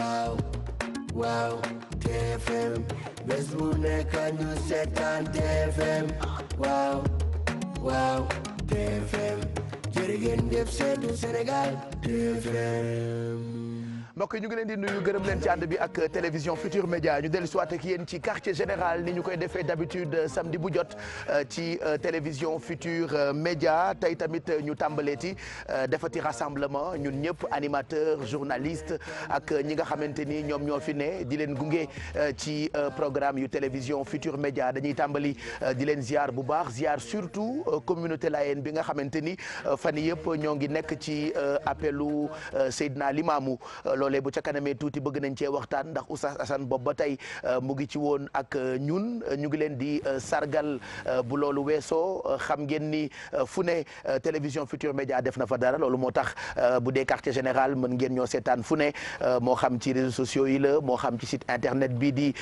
waaw waaw TFM bés bu nekk ñu seetaan TFM waaw waaw TFM jërë ngeen jëf seetu mbokk yi ñu ngi leen di nuyu gërëm leen ci ànd bi ak télévision Futur Média ñu dell siwaat ak yéen ci quartier général ni ñu koy defee d'habitude euh, samedi bu jot euh, ci euh, télévision Futur Média tey tamit ñu tàmbaleeti defati rassemblement ñun ñëpp animateur journaliste ak ñi nga xamante ni ñoom ñoo fi ne di leen gunge ci programme yu télévision Futur Média dañuy tàmbali di leen ziar bu baax ziar surtout communauté layène bi nga xamante ni fan yëpp ñoo ngi nekk ci appelu Seydina Limamou loolee bu ca tuuti bëgg nañ cee waxtaan ndax Oustaz Assane boobu ba tey euh, mu ngi ci woon ak euh, ñun euh, ñu ngi leen di sargal bu loolu weesoo xam ngeen ni fu ne télévision Futur Média def na fa dara loolu moo tax bu dee quartier général mën ngeen ñoo seetaan fu ne moo xam ci réseaux sociaux yi la moo xam ci site internet bi di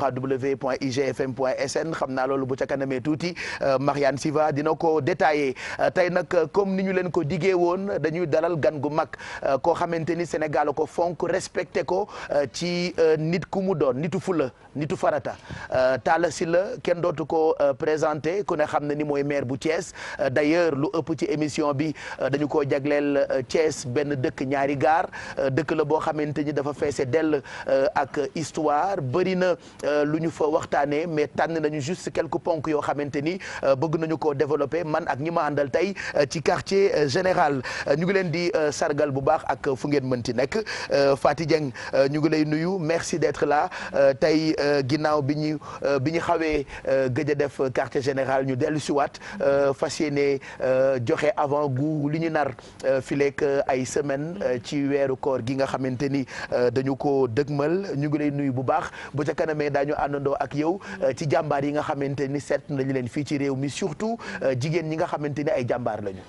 www.igfm.sn xam naa loolu bu ca kanamee tuuti Marianne Siva dina ko détaillé tey nag comme ni ñu leen ko diggee woon dañuy dalal gan gu mag koo donc respecté ko euh, ci euh, nit ku mu doon nitu fula nitu farata euh, Talla la kenn dootu ko présenté ku ne xam ne ni mooy maire bu Thiès d'ailleurs lu ëpp ci émission bi dañu ko jagleel Thiès benn dëkk ñaari gar dëkk la boo xamante ni dafa feese dell ak histoire bëri na lu ñu fa waxtaanee mais tànn nañu juste quelques ponk yoo xamante ni bëgg nañu ko développer man ak ñi ma àndal tey ci quartier général ñu ngi leen di sargal bu baax ak fu ngeen mënti nekk Euh, Fati Dieng euh, ñu ngi lay nuyu merci d'être la euh, tey ginnaaw bi ñu bi ñu xawee gëj a def quartier général ñu dellu si waat fas yéene joxe avant goût lu ñu nar fileek ay semaine ci weeru koor gi nga xamante ni dañu ko dëgmal ñu ngi lay nuyu bu baax bu ca kanamee daañu àndandoo ak yow ci jàmbaar yi nga xamante ni seet nañu leen fii ci réew mi surtout jigéen ñi nga xamante ni ay jàmbaar lañu.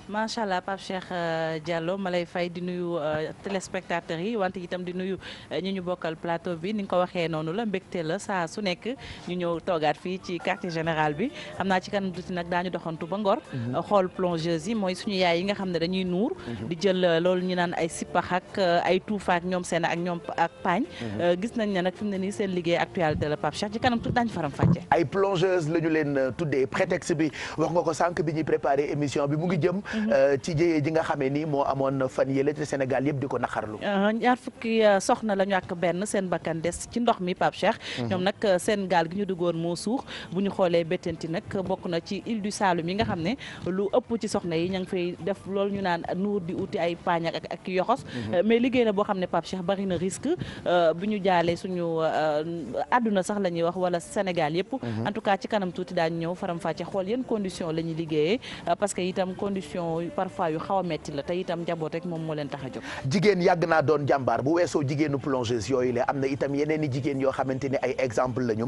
waaye itam di nuyu eh, ñu ñu bokkal plateau bi ni nga ko waxee noonu la mbégte la saa su nekk ñu ñëw toogaat fii ci quartier général bi xam naa ci kanam tuuti nag daañu doxantu ba ngor mhm. eh, xool plongeuse yi mooy suñu yaay yi nga xam ne dañuy nuur mhm. di jël eh, lool ñu naan ay sippax ak ay tuufaak ñoom seen ak ñoom ak paañ mhm. gis nañ ne nag fi mu ne nii seen liggéey actualité la Pape Cheikh ci kanam tuuti daañu faram fàcce ay plongeuse la ñu leen tuddee prétexte bi wax nga ko sànq bi ñuy préparé émission bi mu ngi jëm ci jëyee ji nga xamee ni moo amoon fan yële te Sénégal yëpp di ko naqarlu fukki euh, soxna la ñu ak benn seen bakkan des ci ndox mi Pape mhm. ñoom nag euh, seen gaal gi ñu duggoon moo suux bu ñu xoolee béttanti nag bokk na ci île du Saloum yi nga xam ne lu ëpp ci soxna yi ña ngi fay def lool ñu naan nuur di uti ay paañ ak ak yoxos mhm. euh, mais liggéey la boo xam ne Pape Cheikh bari na risque bu ñu jaalee suñu àdduna sax la ñuy wax wala Sénégal yëpp mhm. en tout cas ci kanam tuuti daañ ñëw faram fàcce xool yéen condition la ñuy liggéeyee parce que itam condition parfois yu xaw a metti la te itam njaboot rek moom moo leen tax a jóg jigéen yàgg naa doon jàmbaar waar bu weesoo jigéenu plongeuse yooyu le am na itam yeneen i jigéen yoo xamante ni ay exemple la ñu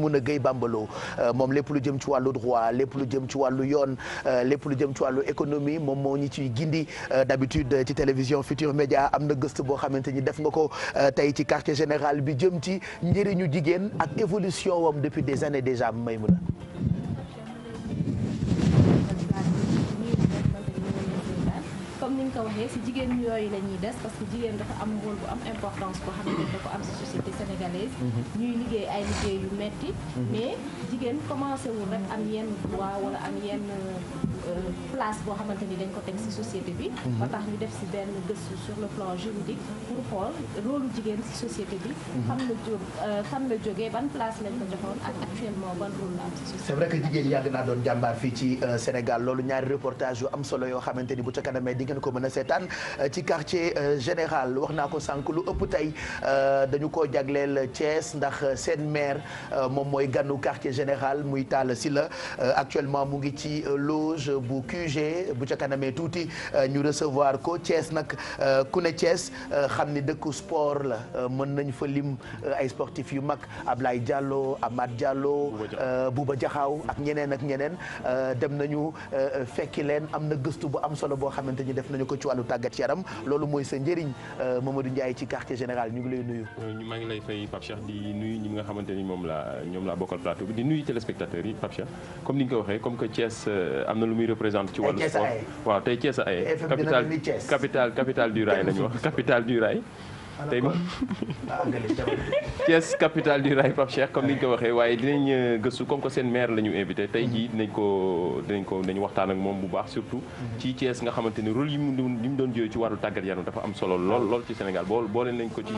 mun a Gueye Bambalo euh, moom lépp lu jëm ci wàllu droit lépp lu jëm ci wàllu yoon euh, lépp lu jëm ci wàllu économie moom moo ñi ciy gindi euh, d'habitude ci télévision Futur Média am na gëstu boo xamante ni def nga ko tey ci quartier général bi jëm ci njëriñu jigéen ak évolution wam depuis des années déjà Maymuna comme ni nga ko waxee si jigéen yooyu la ñuy des parce que jigéen dafa am rôle bu am importance boo mhm. ñuy liggéey ay liggéey yu metti mhm. mais jigéen commencé wul rek am yenn droit am yenn euh, place boo xamante ni dañ ko teg si société bi. Mhm. ba tax ñu def si benn gëstu sur le plan juridique pour xool rôle jigéen si société bi. xam la jóg xam euh, la jógee ban place lañ ko joxoon ak actuellement ban rôle la am si société bi. c'est que jigéen yàgg naa doon jàmbaar fii ci euh, Sénégal loolu ñaari reportage yu am solo xamante ni bu ca kanamee di ngeen ko mën a euh, ci quartier euh, général wax naa ko sànq lu ëpp tey euh, dañu ko jagleel Thiès ndax seen maire moom mooy gannu quartier général muy tàll si la actuellement mu ngi ci loge bu QG bu ca kanamee tuuti ñu recevoir ko Thiès nag ku ne Thiès xam ni dëkku sport la mën nañ fa lim ay sportif yu mag Ablaye Diallo Amath Diallo Bouba Diaxaw ak ñeneen ak ñeneen dem nañu fekki leen am na gëstu bu am solo boo xamante ni def nañu ko ci wàllu tàggat yaram loolu mooy sa njëriñ euh, Mamadou Ndiaye ci quartier général ñu ngi lay nuyu euh, maa ngi lay fay Pape Cheikh di nuyu ñi nga xamante ni moom la ñoom laa bokkal plateau bi di nuyu téléspectateurs yi Pape Cheikh comme ni nga ko waxee comme que Thiès euh, am na lu muy représente ci wàllu sport waaw tey Thiès a capital capital du rail la ñu wax capital du rail tey moom Thiès capitale du rail Pape Cheikh comme ni ñu ko waxee waaye dinañ euh, gëstu comme que seen maire la ñu invité tey jii mhm. dinañ ko dinañ ko dinañ waxtaan ak moom bu baax surtout mhm. ci Thiès nga xamante ni rôle yi mu doon yi mu doon jëlee ci wàllu tàggat yaram dafa am solo lool mhm. lool ci Sénégal boo boo leen nañ ko ci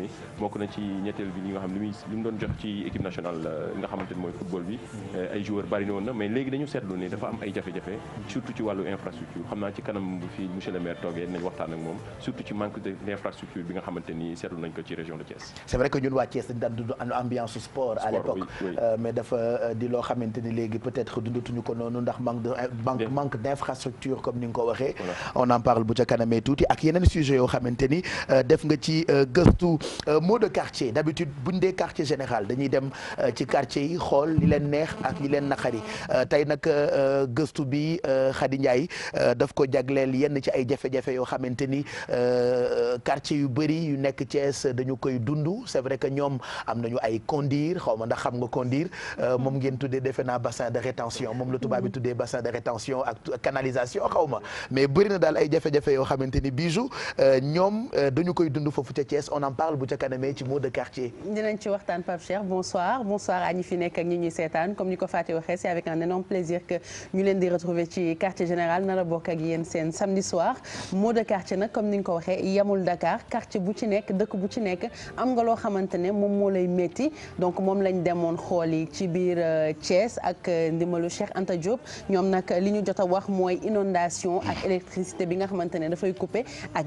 ni bokk na ci ñetteel bi li nga xam li muy li mu doon jox ci équipe nationale euh, nga xamante mooy football bi euh, ay joueurs bari na mais léegi dañu seetlu ni dafa am ay jafe-jafe surtout ci wàllu infrastructure bi nga xamante seetlu nañ ko ci région de Thiès c'est vrai ñun waa Thiès dañ daan ambiance sport à l'époque euh, mais dafa di loo xamante léegi peut-être dundatuñu ko noonu ndax manque de manque comme ni nga ko waxee on en bu ca Euh, mot de quartier d'habitude buñ dee quartier général dañuy dem euh, ci quartier yi xool li leen neex ak li leen naqari euh, tey nag gëstu bi Khady Ndiaye daf ko jagleel yenn ci ay jafe-jafe yoo xamante ni quartier yu bëri yu nekk Thiès dañu koy dund c'est vrai que ñoom am nañu ay kondir xaw ma ndax xam nga kondir moom ngeen tuddee defe naa bassin de rétention moom la tubaab bi mm-hmm. tuddee bassin de rétention ak canalisation xaw ma mais bëri na daal ay jafe-jafe yoo xamante ni bijou ñoom dañu koy dund foofu ca Thiès on en parle bu ca kanamee ci mot de quartier. dinañ ci waxtaan Pape Cheikh bonsoir bonsoir à fi nekk ak ñi seetaan comme ni ko Fatou waxee c'est avec un énorme plaisir que ñu leen di retrouver ci quartier général nar a bokk ak yéen seen samedi soir mot de quartier nag comme ni nga ko waxee yamul Dakar quartier bu ci nekk dëkk bu ci nekk am nga loo xamante ne moom moo lay métti donc moom lañ demoon xool ci biir euh, Thiès ak euh, ndimbalu Cheikh Anta Diop ñoom nag li ñu jot a wax mooy inondation ak électricité bi nga xamante ne dafay coupé ak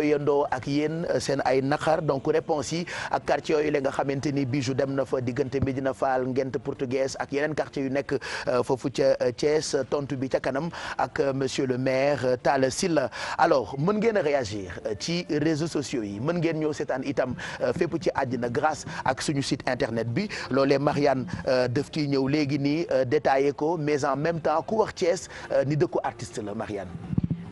jooyandoo ak yéen euh, seen ay naqar donc réponse yi ak quartier yooyu la nga xamante ni bijou dem na fa diggante Médina Fall Ngent Portugaise ak yeneen quartier yu nekk euh, foofu ca euh, Thiès tontu bi ca kanam ak monsieur le maire Talla Sylla alors mën ngeen a réagir ci réseaux sociaux yi mën ngeen ñëw seetaan itam fépp ci àddina grace ak suñu site internet bi loolee Marianne def ciy ñëw léegi nii détaillé ko mais en même temps ku wax Thiès ni dëkku artiste la Marianne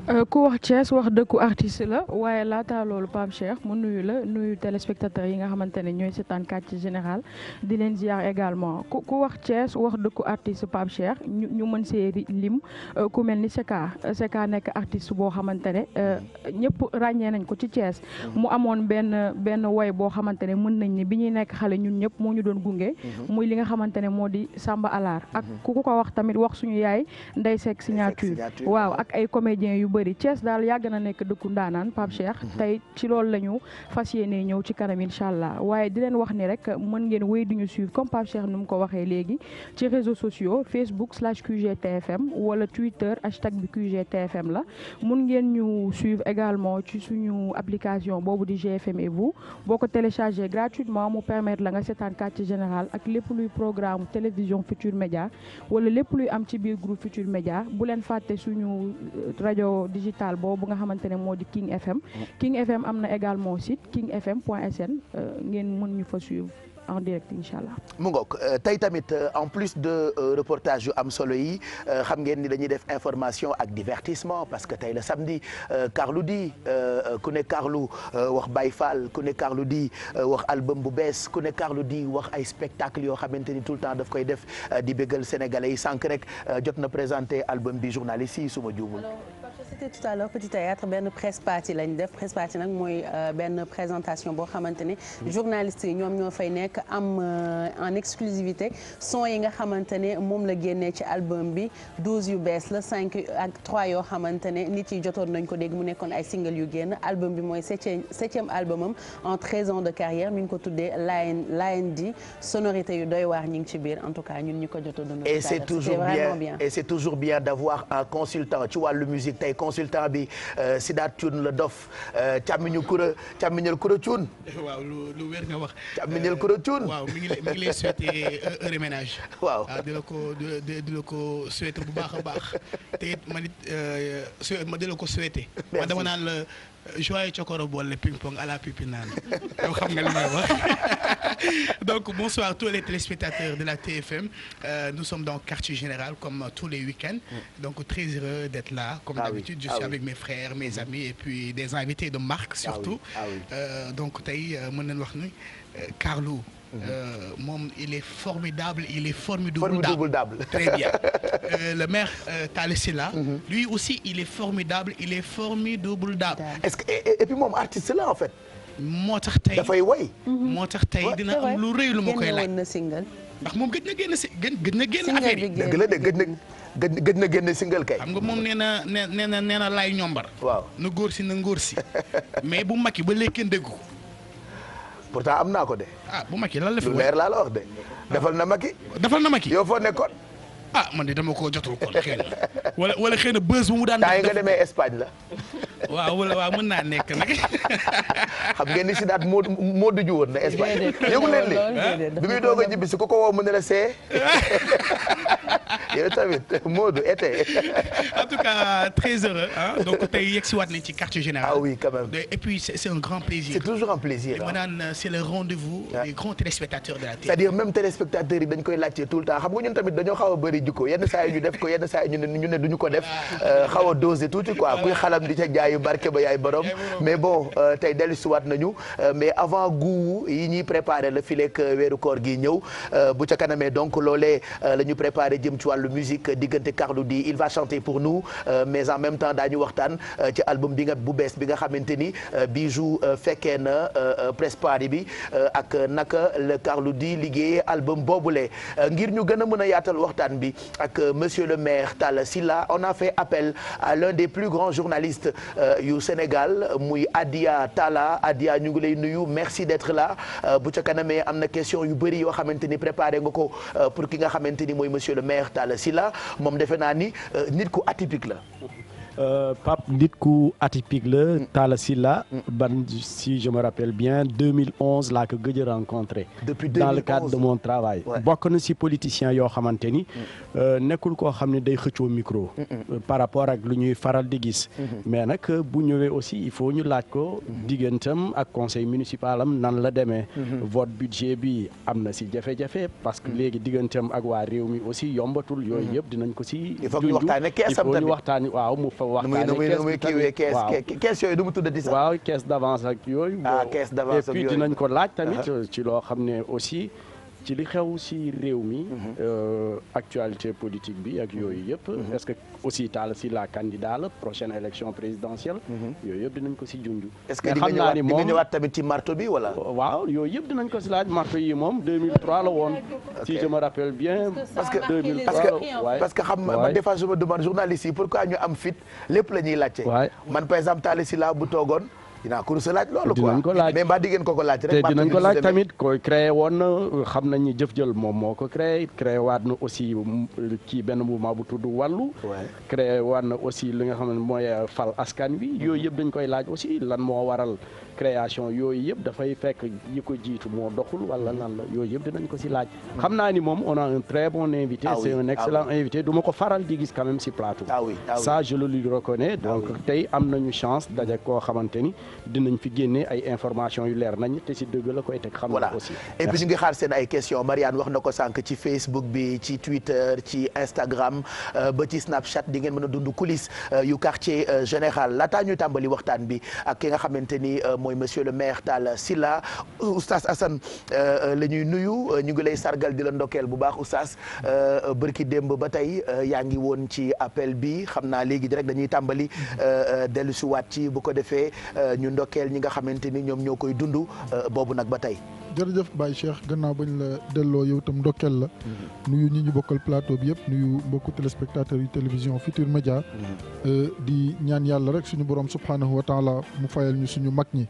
Euh, ku wax Thiès wax dëkku artiste la waaye laata loolu Pape Cheikh mu nuyu la nuyu téléspectateur yi nga xamante ne ñooy seetaan Quartier Général di leen ziar également ku ku wax Thiès wax dëkku artist Pape Cheikh ñu ñu mën see lim euh, ku mel ni Seka Seka nekk artist boo xamante ne euh, ñëpp ràññee nañ ko ci Thiès mu amoon benn benn woy boo xamante ne mën nañ ni bi ñuy nekk xale ñun ñëpp moo ñu doon gunge mhm. muy li nga xamante ne moo di Samba Alaar ak mhm. ku ko wax tamit wax suñu yaay Ndeye Seck bëri Thiès daal yàgg na nekk dëkku ndaanaan Pape mhm. tey ci loolu la ñu fas yéene ñëw ci kanam incha allah waaye di leen wax ni rek mën ngeen wéy di ñu suivre comme Pape Cheikh nu mu ko waxee léegi ci réseaux sociaux Facebook slash QGTFM wala Twitter hashtag QGTFM la mun ngeen ñu suivre également ci suñu application boobu di GFM et bu boo ko téléchargé gratuitement mu permettre la nga seetaan quartier général ak lépp luy programme télévision Futur Média wala lépp luy am ci digital boobu nga xamante ne moo di King FM. King FM am na également site king fm point sn euh, ngeen mën ñu fa suivre. en direct incha allah. mu ngoog euh, tey tamit euh, en plus de reportage yu am solo yi xam ngeen ni dañuy def information ak divertissement parce que tey la samedi Carlou D ku ne Carlou wax bay Fall ku ne Carlou di wax album bu bees ku ne Carlou D wax ay spectacle yoo xamante ni tout le temps daf koy def di bégal sénégalais yi sànq rek jot na présenté album bi journaliste yi su ma cité tout à l'heure Petit Théâtre benn presse party lañ def presse party nag mooy euh, benn présentation boo xamante ne journalistes yi ñoom ñoo fay nekk am euh, en exclusivité son yi nga xamante ne moom la génnee ci album bi douze yu bees la cinq ak yoo xamante ne nit yi jotoon nañ ko dégg mu nekkoon ay single yu génn album bi mooy septième septième album am en treize ans de carrière mi ngi ko tuddee Lion Lion di sonorité yu doy waar ci biir en tout cas ñun ñu ko jotoon. et c'est toujours bien et c'est toujours ci wàllu musique consultant bi euh, Sidaat Thioune la dof càmmiñu kura càmmiñal kura Thioune. waaw lu lu wér nga wax. càmmiñal euh, kura Thioune. mi ngi lay mi ngi lay souhaiter euh, heureux ménage. waaw ah, di la ko di la ko souhaiter bu baax a baax te it man it ma di la ko souhaiter. ma dama joie cokoro boole ping-pong à la Pipinane yow xam nga li may wax donc bonsoir tous les téléspectateurs de la TFM euh, nous sommes dans quartier général comme euh, tous les week-ends mm. donc très heureux d'être là comme ah d'habitude je ah suis avec mes frères mes mm. amis et puis des invités de marque ah surtout euh, donc tey euh, mën nañu wax ni euh, Carlou Mhm. Euh, moom il est formidable il est formidable. formidable très bien euh, le maire euh, Talla Sylla. Mm -hmm. lui aussi il est formidable il est formidable. est-ce que et, et, et puis moom artiste la en moo tax tey dafay woy. Mhm. moo tax tey dina am lu rëy lu ma koy laaj ndax moom gëj na génn si gën gëj na génn affaire yi dëgg la de gëj na gën na génn single kay. xam nga moom nee na nee na nee na laay ñombar. waaw na góor si na ngóor si mais bu mag yi ba léegi kenn déggu ko pourtant am naa ko de. ah bu Macky lan la fi lu leer laa la wax de. Ah. defal na Macky. defal na Macky yow foo nekkoon. ah man de dama koo jotul kon xëy na wala wala xëy na bës mu daan. def nga demee Espagne la. waaw wala waaw mën naa nekk nag. xam ngeen ni si daat moo moo dëju woon na Espagne yëgu leen bi muy doog a ñibbi si ku ko woo mu na la see. yow tamit Modou été. en tout cas très heureux donc tey yegg waat nañ ci quartier général. ah oui quand et puis c' un grand plaisir. c' toujours un plaisir ah maanaam c' le rendez vous. des grands téléspectateurs de la télé. c'est à dire même téléspectateurs yi dañ koy laajte tout le temps xam bëri bi jikko yenn saa yi ñu def ko yenn saa ñu ne ñu ne duñu ko def euh, xaw a dosé tuuti quoi kuy xalam di ca jaayu barke ba yaay borom mais bon euh, tey dellu siwaat nañu euh, mais avant guu yi ñuy préparé la fileek weeru koor gi ñëw bu ca kanamee donc loolee la ñu préparé jëm ci wàllu musique diggante Carlou D il va chanter pour nous mais en même temps daañu waxtaan ci album bi nga bu bees bi nga xamante ni bijou fekkee na presse Paris bi ak naka la Carlou D liggéeyee album a mën a bi ak euh, monsieur le maire Talla Sylla on a fait appel à l'un des plus grands journalistes euh, yu Sénégal muy Adia tala Adia ñu ngi lay nuyu merci d'être là euh, bu ca kanamee am na question yu bëri yoo xamante ni préparé nga ko pour ki nga xamante ni mooy monsieur le maire Talla Sylla moom defe naa ni nit ku atypique la Euh, Pape nit ku atypique la. Mm. Talla la mm. ban si je me rappelle bien 2011 laa ko gëj a rencontré. depuis 2011 dans le cadre de mon travail. bokk na si politicien yoo xamante ni. Mm. Euh, nekkul koo xam ne day xëcco micro. Euh, par rapport ak lu ñuy faral di gis. mais nag bu ñëwee aussi il faut ñu laaj ko. Mm-hmm. diggantam ak conseil municipal am nan la demee. Mm-hmm. vote budget bi am na si jafe-jafe parce que mm-hmm. léegi diggantam ak waa réew mi aussi yombatul. yooyu yëpp dinañ ko si. il il faut ñu waxtaanee waaw mu waxtaanee kees bi tamit waaw kees yooyu du mu tuddati sax. waaw kees d'avance ak yooyu. ah kees d'avance ak yooyu et puis dinañ ko laaj tamit ci loo xam ne aussi. ci li xew si réew mi. Mhm. Euh, actualité politique bi ak yooyu yëpp. Mhm. Mhm. est-ce que aussi Talla Sylla candidat la prochaine élection présidentielle. yooyu yëpp dinañ ko si junj. est-ce que di nga ñëwaat marto bi wala. Oh, waaw yooyu yëpp dinañ ko si laaj marto yi moom 2003 la woon. si je me parce que parce que xam man des fois demande journaliste yi pourquoi ñu am fit lépp la ñuy laajte. man par exemple Talla Sylla bu toogoon. dina ko rus a laaj loolu quoi dinañ ko laaj mais ko ko laaj rek te dinañ ko laaj tamit ko créé woon na xam nañu jëf jël moom moo ko créé créé waat na aussi euh, kii benn mouvement bu tudd wàllu créé waat na aussi li nga xam ne mooy euh, fal askan wi mm-hmm. yooyu yëpp dañ koy laaj aussi lan moo waral création yooyu yëpp dafay fekk yi ko jiitu moo doxul wala nan la yooyu yëpp dinañ ko si laaj. xam naa ni moom on a un très bon invité. ah un ah excellent invité du ko faral di gis si plateau. ah oui ah ça reconnais. Ah donc tey am nañu chance daje koo xamante ni dinañ fi génne ay information yu leer nañ te si dëgg koy teg. xam na aussi et puis ngi xaar seen ay questions Marianne wax na ko sànq ci Facebook bi ci Twitter ci Instagram euh, ba ci Snapchat a mooy monsieur le maire Talla Sylla oustaz Assane euh, euh, la ñuy nuyu euh, ñu ngi lay sargal di la ndokkeel bu baax oustaz bërki démb ba tey yaa ngi woon ci appel bi xam naa léegi rek dañuy tàmbali dellu si waat ci bu ko defee ñu ndokkeel ñi nga xamante ni ñoom ñoo koy dund boobu nag ba tey jërëjëf Baye Cheikh gannaaw bañ la delloo yow tam ndokkeel la. Mm-hmm. nuyu ñi ñu bokkal plateau bi yëpp nuyu mbokku téléspectateurs yu télévision Futur Média. Mm-hmm. Euh, di ñaan yàlla rek suñu borom subhanahu wa taala mu fayal ñu suñu mag ñi.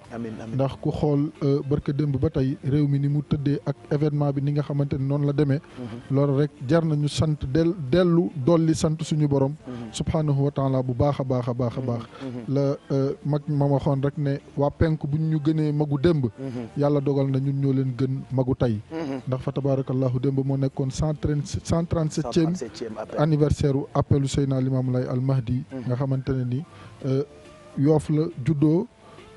ndax ku xool euh, barka démb ba tey réew mi ni mu tëddee ak événement bi ni nga xamante ni noonu la demee. Mm-hmm. loolu rek jar nañu sant del dellu dolli sant suñu borom. subhanahu wa taala bu baax a baax a baax a baax. la euh, mag ma waxoon rek ne waa penk buñ ñu gënee magu démb. yàlla dogal na ñun ñoo leen gën magu tey mhm. ndax fa tabarakallahu démb moo nekkoon cent trente septième anniversaire appelu Seydina Limaamu Laay al mhm. nga xamante ni euh, yoof la juddoo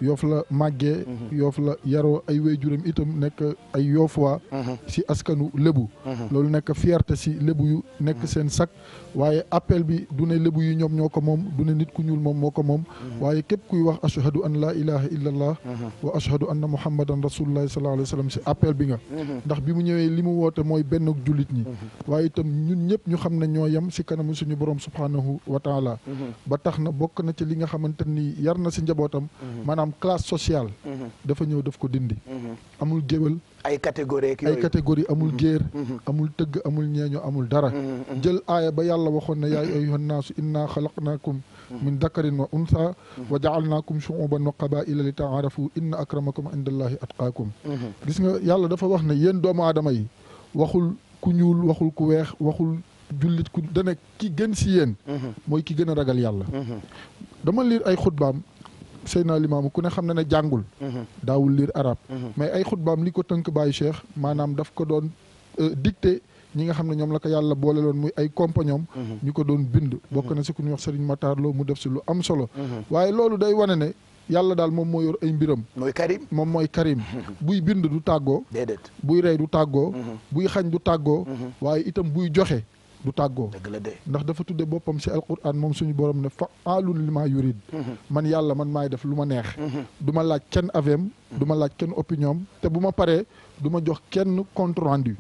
yoof la màggee mhm. yoof la yaroo ay waajuram itam nekk ay yoof waa si askanu lébu loolu nekk fierté si lébu yu nekk seen sak waaye appel bi du ne lébu yi ñoom ñoo ko moom du nit ku ñuul moom moo ko moom mhm. waaye képp kuy wax ashhadu an laa ilaha illa allah mhm. wa ashhadu anna muhammadan rasulullahi sallallahu alayhi wa sallam si appel bi nga mhm. ndax bi mu ñëwee li mu woote mooy benn jullit ñi waaye itam ñun ñëpp ñu xam ne ñoo yam si kanamu suñu borom subhanahu wa taala ba tax na bokk na ci li nga xamante ni yar na si njabootam maanaam classe sociale dafa ñëw daf ko dindi amul géwél ay catégorie ay catégorie amul mm-hmm. géer mm-hmm. amul tëgg amul ñeeño amul dara mm-hmm. jël aaya ba yàlla waxoon ne yaay ayyuhan naasu inna xalaqnaakum min dakarin wa unsa wa jaalnaakum shuuban wa qabaila li taarafu inna akramakum indallahi atqaakum gis nga yàlla dafa wax ne yéen doomu aadama yi waxul ku ñuul waxul ku weex waxul jullit ku dana ki gën si yéen mooy ki gën a ragal yàlla dama liir ay xutbaam Seydina Limaamu ku ne xam na ne jàngul mhm. daawul lire arabe mhm. mais ay xutbaam li ko tënk bàyyi seex maanaam daf ko doon euh, dicté ñi nga xam ne ñoom la ko yàlla boole loon muy ay compagnon mhm. ñu ko doon bind bokk na si ku ñuy wax Serigne Matar Lo mu def si lu am solo waaye loolu day wane ne yàlla daal moom mooy yor ay mbiram mooy karim moom mooy karim buy bind du tàggoo déedéet buy rey du tàggoo buy xañ du tàggoo waaye itam buy joxe du tàggoo ndax dafa tudde boppam ci alquran moom suñu borom ne fa alun li maa yurid mhm. man yàlla man maay def lu ma neex mhm. du ma laaj kenn avem mhm. du ma laaj kenn opinion te bu ma paree du jox kenn compte rendu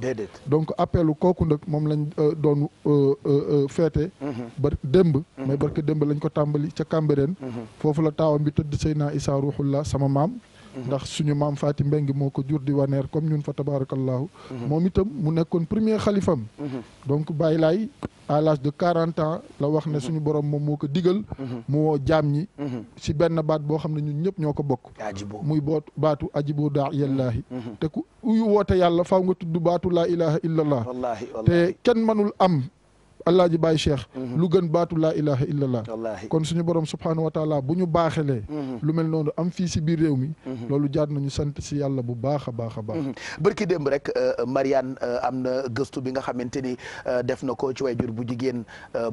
donc appelu kooku nag moom lañ euh, doon euh, euh, feete ba démb mais barke démb lañ ko tàmbali ca Cambérène foofu la taawa bi tëdd Seydina Issa Ruhullah sama maam ndax suñu maam Faati Mbeng moo ko jur di waneer comme ñun fa tabaarakallaahu mhm. moom itam mu nekkoon premier xalifam mhm. donc Baay Laay à l'âge de quarante ans la wax ne mhm. suñu borom moom moo ko digal mu woo jaam ñi si benn baat boo xam ne ñun ñëpp ñoo ko bokk muy boot baatu ajibu daa yallaahi te ku uyu woote yàlla faaw nga tudd baatu la ilaha illallah te kenn mënul am Alaaji Baay Cheikh mhm. lu gën baatu la ilaha illallah kon suñu borom subhaanahu wa taala bu ñu baaxelee mhm. lu mel noonu am fii si biir réew mi mhm. loolu jaar nañu sant si yàlla bu baax a baax a baax bërki démb rek euh, Marianne euh, am na gëstu bi nga xamante ni euh, def na ko ci wayjur bu jigéen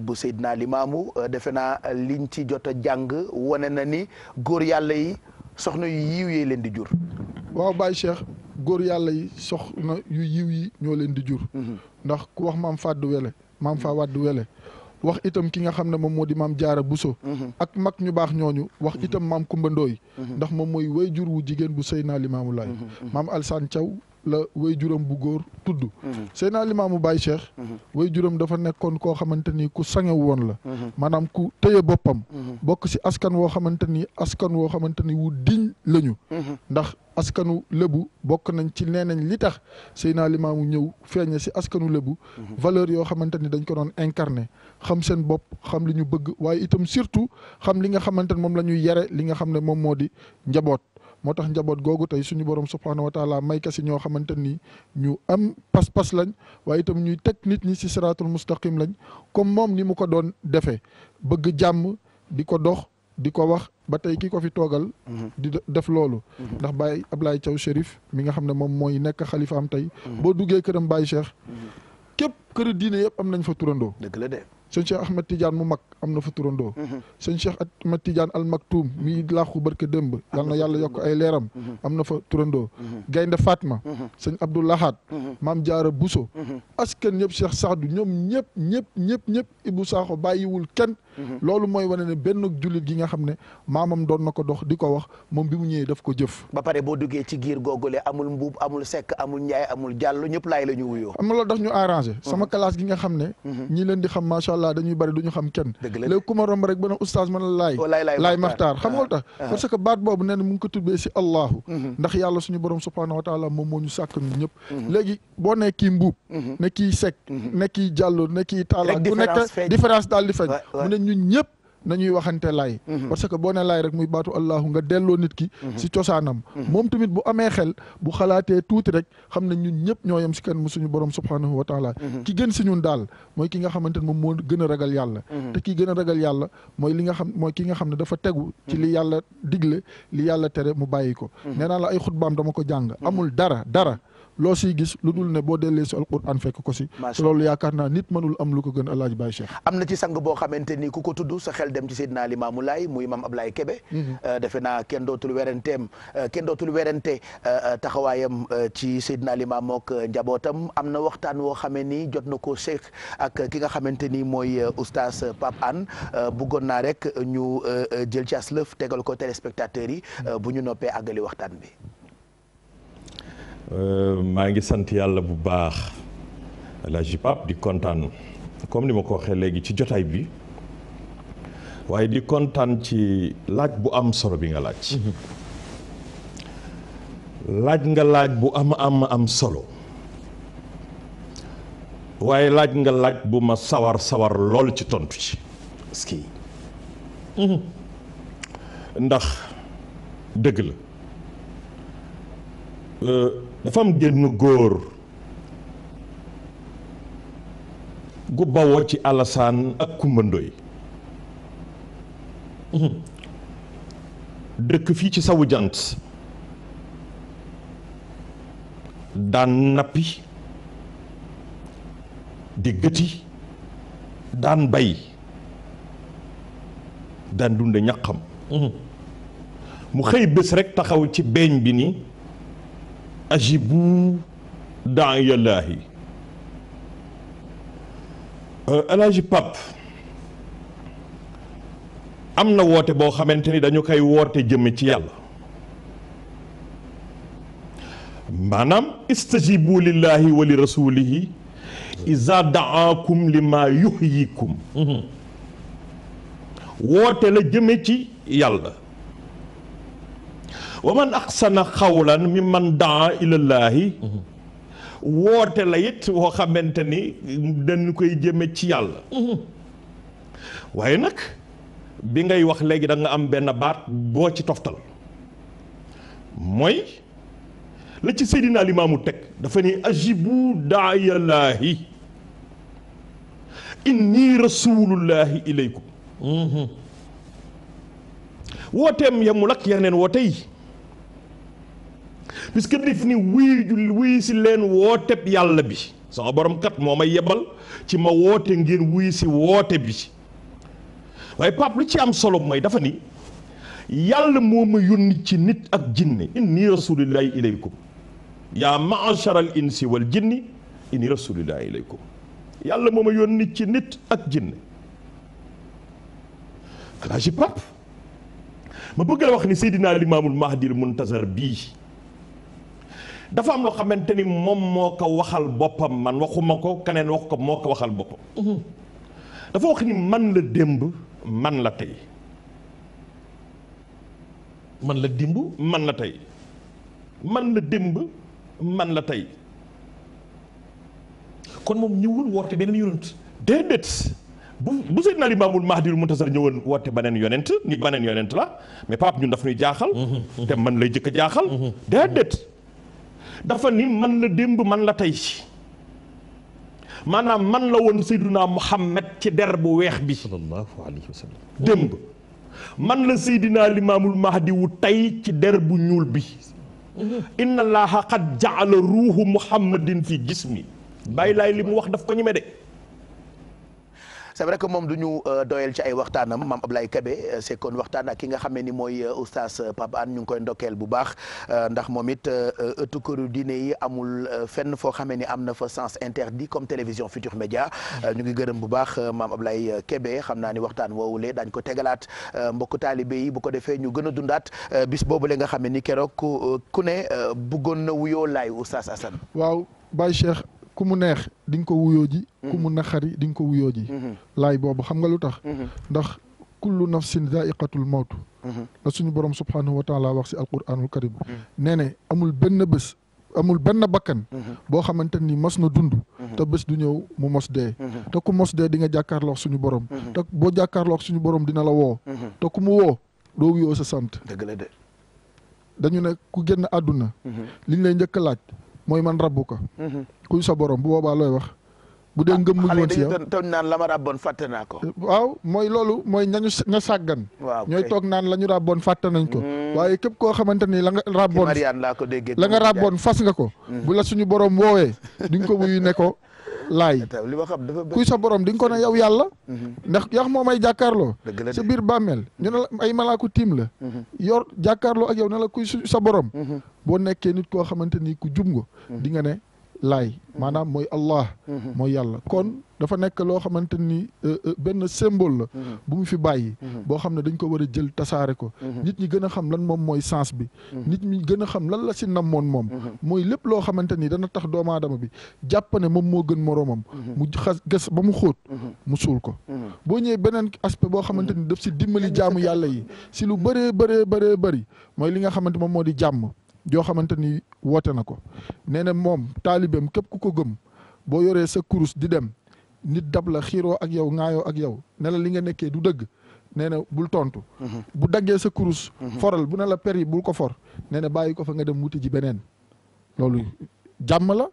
bu Seydina Limaamu defe naa liñ ci jot a jàng wane na ni góor yàlla soxna yu yiw leen di jur waaw Baay góor yàlla yi soxna yi ñoo leen di jur ndax maam mm-hmm. faa wàddu wele wax itam ki nga xam ne moom moo di maam jaara buso mm-hmm. ak mag ñu baax ñooñu wax mm-hmm. itam maam kumba ndooy ndax moom mooy jur wu jigéen bu sëy naa limaamu laay maam alsaan thiaw la way juróom bu góor tudd mhm. Seydina Limaamu Baay Cheikh mhm. way juróom dafa nekkoon koo xamante ni ku sange woon la mhm. maanaam ku tëye boppam bokk si askan woo xamante ni askan woo xamante ni wu diñ lañu ndax askanu lëbu bokk nañ ci nee nañ li tax Seydina Limaamu ñëw feeñe si askanu lëbu valeur yoo xamante ni dañ ko doon incarné xam seen bopp xam li ñu bëgg waaye itam surtout xam li nga xamante ne moom la ñuy yare li nga xam ne moom moo di njaboot moo tax njaboot googu tey suñu borom subhaanahu wa taala may kasi ñoo xamante ni ñu am pas-pas lañ waaye itam ñuy teg nit ñi ci siraatul mustaqim lañ comme moom ni mu ko doon defee bëgg jàmm di ko dox di ko wax ba tey ki ko fi toogal. Mhm. di def loolu. Mhm. ndax Baye Ablaye Thiaw Chérif mi nga xam ne moom mooy nekk xalifa am tey. Mhm. boo duggee këram Baye Cheikh. képp kër diine yëpp am nañ fa turandoo. dëgg la de sëñ Cheikh Ahmed Tidiane mu mag. am na fa turandoo mhm. sëñ Cheikh Ahmed Tidiane Al Maktoum mhm. mi laaxu barke démb mhm. yal na yàlla yokk ay leeram am na fa turandoo gaynde Fatma sëñ Abdou Lahad maam Jaara Bousso askan ñëpp Cheikh Saadu ñoom ñëpp ñëpp ñëpp ñëpp Ibou Sakho bàyyiwul kenn loolu mooy wane ne benn jullit gi nga xam ne maamam doon na ko dox di ko wax moom bi mu ñëwee daf ko jëf ba pare boo duggee ci giir googule amul mbuub amul sekk amul njaay amul jàllu ñëpp laay la ñu wuyoo am na loolu daf ñu arrangé sama classe gi nga xam ne ñi leen di xam macha allah dañuy bari du ñu xam kenn léegi ku ma romb rek ba ne oustaz man la oh, laay laay maxtaar xam nga ah, ah. parce que baat boobu nee na mu ngi si allahu mhm. ndax yàlla suñu borom subhaanahu wa taala moom moo ñu sàkk ñun ñëpp mhm. léegi boo mhm. ne kii mbuub ne kii sek ne kii jàllo ne kii taala bu nekk différence daal di feeñ mu ne ñun ñëpp na ñuy waxante lay mhm. parce que boo ne lay rek muy baatu allahu nga delloo nit ki si mhm. cosaanam mhm. moom tamit bu amee xel bu xalaatee tuuti rek xam ne ñun ñëpp ñoo yem si kan mu suñu borom subhanahu wa taala ki gën si ñun daal mooy ki nga xamante ne moom moo gën a ragal yàlla te ki gën a ragal yàlla mooy li xam mooy ki nga xam ne dafa tegu ci li yàlla digle li yàlla tere mu bàyyi ko nee naa la ay xutbaam dama ko jàng amul dara dara loo siy gis lu dul ne boo dellee si alquran fekk ko si te loolu yaakaar naa nit mënul am lu ko gën alaaji Baye Cheikh am na ci sang boo xamante ni ku ko tuddu sa xel dem ci Seydina Limaamu Laay muy Maam Ablaye Kebe mhm. euh, defe naa kenn dootul werenteem euh, kenn dootul werente euh, taxawaayam ci Seydina Limaam mook njabootam am na waxtaan woo xamee nii jot na koo seq ak ki nga xamante ni mooy oustaz pap Anne bëggoon naa rek ñu jël ci aslëf tegal ko téléspectateurs yi mhm. bu ñu noppee àggali waxtaan bi Euh, maa ngi sant yàlla bu baax la JPAP di kontaan comme ni ma ko waxee léegi ci jotaay bi waaye di kontaan ci laaj bu am solo bi nga laaj mhm. laaj nga laaj bu am am am solo waaye laaj nga laaj bu ma sawar sawar lool ci tontu ci mhm. ndax dëgg la Euh, dafa am génn góor gu ci alasaan ak Kumba mhm. dëkk fii ci sawu jànt daan nappi di gëti daan bay daan dunde ñaqam mhm. mu xëy bés rekk taxaw ci beeñ bi ni ajibu daayallaahi alaaji pap am na woote boo xamante ni dañu koy woote jëmm ci yàlla maanaam istajibu lillahi wa li rasulihi iza daakum li ma yuhyikum mm-hmm. woote la jëme ci yàlla wa man axsana xawlan mi man daa ilallaahi woote la it woo xamante ni dañ koy jëme ci yàlla waaye nag bi ngay wax léegi da nga am benn baat boo ci toftal mooy la ci Seydina Limaamu teg dafa ni ajibu daayallaahi inni rasulullahi ilaykum mm-hmm. wooteem yemul ak yeneen woote yi puisque def ni wuyu ju si leen woote yàlla bi sama borom kat moo ma yebal ci ma woote ngeen wuyu si woote bi waaye Pape lu ci am solo mooy dafa ni yàlla moo ma yónni ci nit ak jinne inni rasulillahi ilaykum yaa maachara al insi yàlla moo ma yónni ci nit ak jinne alaaji Pape ma bëgg wax ni Seydina Limaamul Mahdil Muntazar bii dafa am loo xamante ni moom moo ko waxal boppam man waxuma ko keneen wax ko moo ko waxal boppam. Mhm. dafa wax ni man la démb man la tey. man la dimb man la tey. man la démb man la tey. kon moom ñëwul woote beneen yonent. déedéet. bu bu seet naa limaamul mahdi muntasar ñëwoon woote beneen yonent ni beneen yonent la mais Pape ñun daf ñuy jaaxal. Mhm. te man lay jëkk a jaaxal. Mhm. déedéet. dafa ni man la démb man la tey maanaam man la woon Seydina Muhammad ci der bu weex bi sallallahu démb man la Seydina Limaamul Mahdi wu tey ci der bu ñuul bi inna allaha qad jaala ruuhu muhammadin fi jismi bàyyi laay li mu wax daf ko ñeme de c'est vrai que moom du ñu euh, doyal ci ay waxtaanam maam Ablaye Kebe euh, se kon waxtaan ak ki nga xam ne ni mooy euh, oustaz Pape an ñu ngi koy ndokkeel bu baax ndax moom it ëttu këru diine yi amul fenn foo xamee ni am na fa sens interdit comme télévision Futur Média mm. ñu ngi gërëm bu baax maam Ablaye Kebe xam naa ni waxtaan woowulee daañ ko tegalaat mbokk taalibe yi bu ko defee ñu gën a dundaat bis boobu boobule nga xam ne ni keroog ku ne bëggoon na wuyoo laay oustaz Assane waaw ku mu neex di nga ko wuyoo ji ku mu mm-hmm. naqari di ko wuyoo ji mm-hmm. laay boobu xam nga lu tax mm-hmm. ndax kullu nafsin zaiqatul mawt la suñu borom subhaanahu wa taala wax si alquranul karim nee ne amul benn bés amul benn bakkan boo xamante ni mos na dund te bés du ñëw mu mos dee te ku mos dee di nga jàkkaarloo suñu borom te boo jàkkaarloo suñu borom dina la woo te ku mu woo doo wuyoo sa sant dëgg la dañu ne ku génn àdduna liñ lay njëkk laaj mooy man rabbu ko. Mhm. kuy sa borom bu boobaa looy wax. bu dee ah, ngëm mu woon si yow toog naan la ma rabboon fàtte naa ko. waaw mooy loolu mooy ñañu ña sàggan. waaw ñooy toog naan la rabboon fàtte ko. Mhm. waaye képp koo xamante ni la nga rabboon la nga rabboon fas nga ko. Mhm. bu la suñu borom woowee di nga ko wuyu ne laay kuy sa borom di nga ko ne yow yàlla mhm. ndax yax moo may jàkkaarloo sa biir bàmmeel ñu ne ay malaaku tiim la mhm. yor jàkkaarloo ak yow na la kuy sa borom mhm. boo nekkee nit koo xamante ni ku jub nga di nga ne laay maanaam mooy allah mhm. mooy yàlla kon dafa nekk loo xamante ni euh, euh, benn symbole la mhm. bu mu fi bàyyi mhm. boo xam ne dañ ko war a jël tasaare ko nit ñi gën a xam lan moom mooy sens bi nit ñi gën a xam lan la si namoon moom mooy lépp loo xamante ni dana tax doomu aadama bi jàpp ne moom moo gën moroomam mu xas ges ba mu xóot mu suul ko boo ñëwee beneen aspect boo xamante ni daf si dimbali jaamu yàlla yi si lu bëree bëree bëree bëri mooy li nga xamante moom moo di jàmm joo xamante ni woote na ko nee na moom taalibeem képp ku ko gëm boo yoree sa kurus di dem nit dab la xiiroo ak yow ŋaayoo ak yow ne la li nga nekkee du dëgg nee na bul tontu. Mhm. bu daggee sa kurus. Mhm. foral bu ne la per yi bul ko for nee na bàyyi ko fa nga dem wuti ji beneen loolu jàmm la.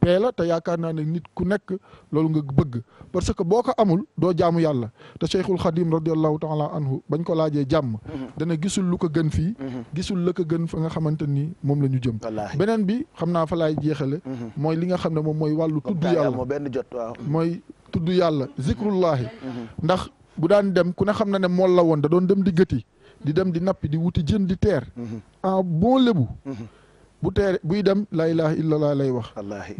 paix la te yaakaar naa ne nit ku nekk loolu nga bëgg parce que boo ko amul doo jaamu yàlla te Cheikhul Khadim radiallahu taala anhu bañ ko laajee jàmm mhm. dana gisul lu ko gën fii mhm. gisul la ko gën fa nga xamante ni moom la ñu jëm beneen bi xam naa fa laay jeexale mhm. mooy li nga xam ne moom mooy wàllu tudd yàlla benn jot waaw mooy tudd yàlla zikrullahi ndax bu daan dem ku ne xam na ne mool la woon da doon dem di gëti di dem di nappi di wuti jën di teer boo bon bu teere buy dem laa ilaha illallah lay wax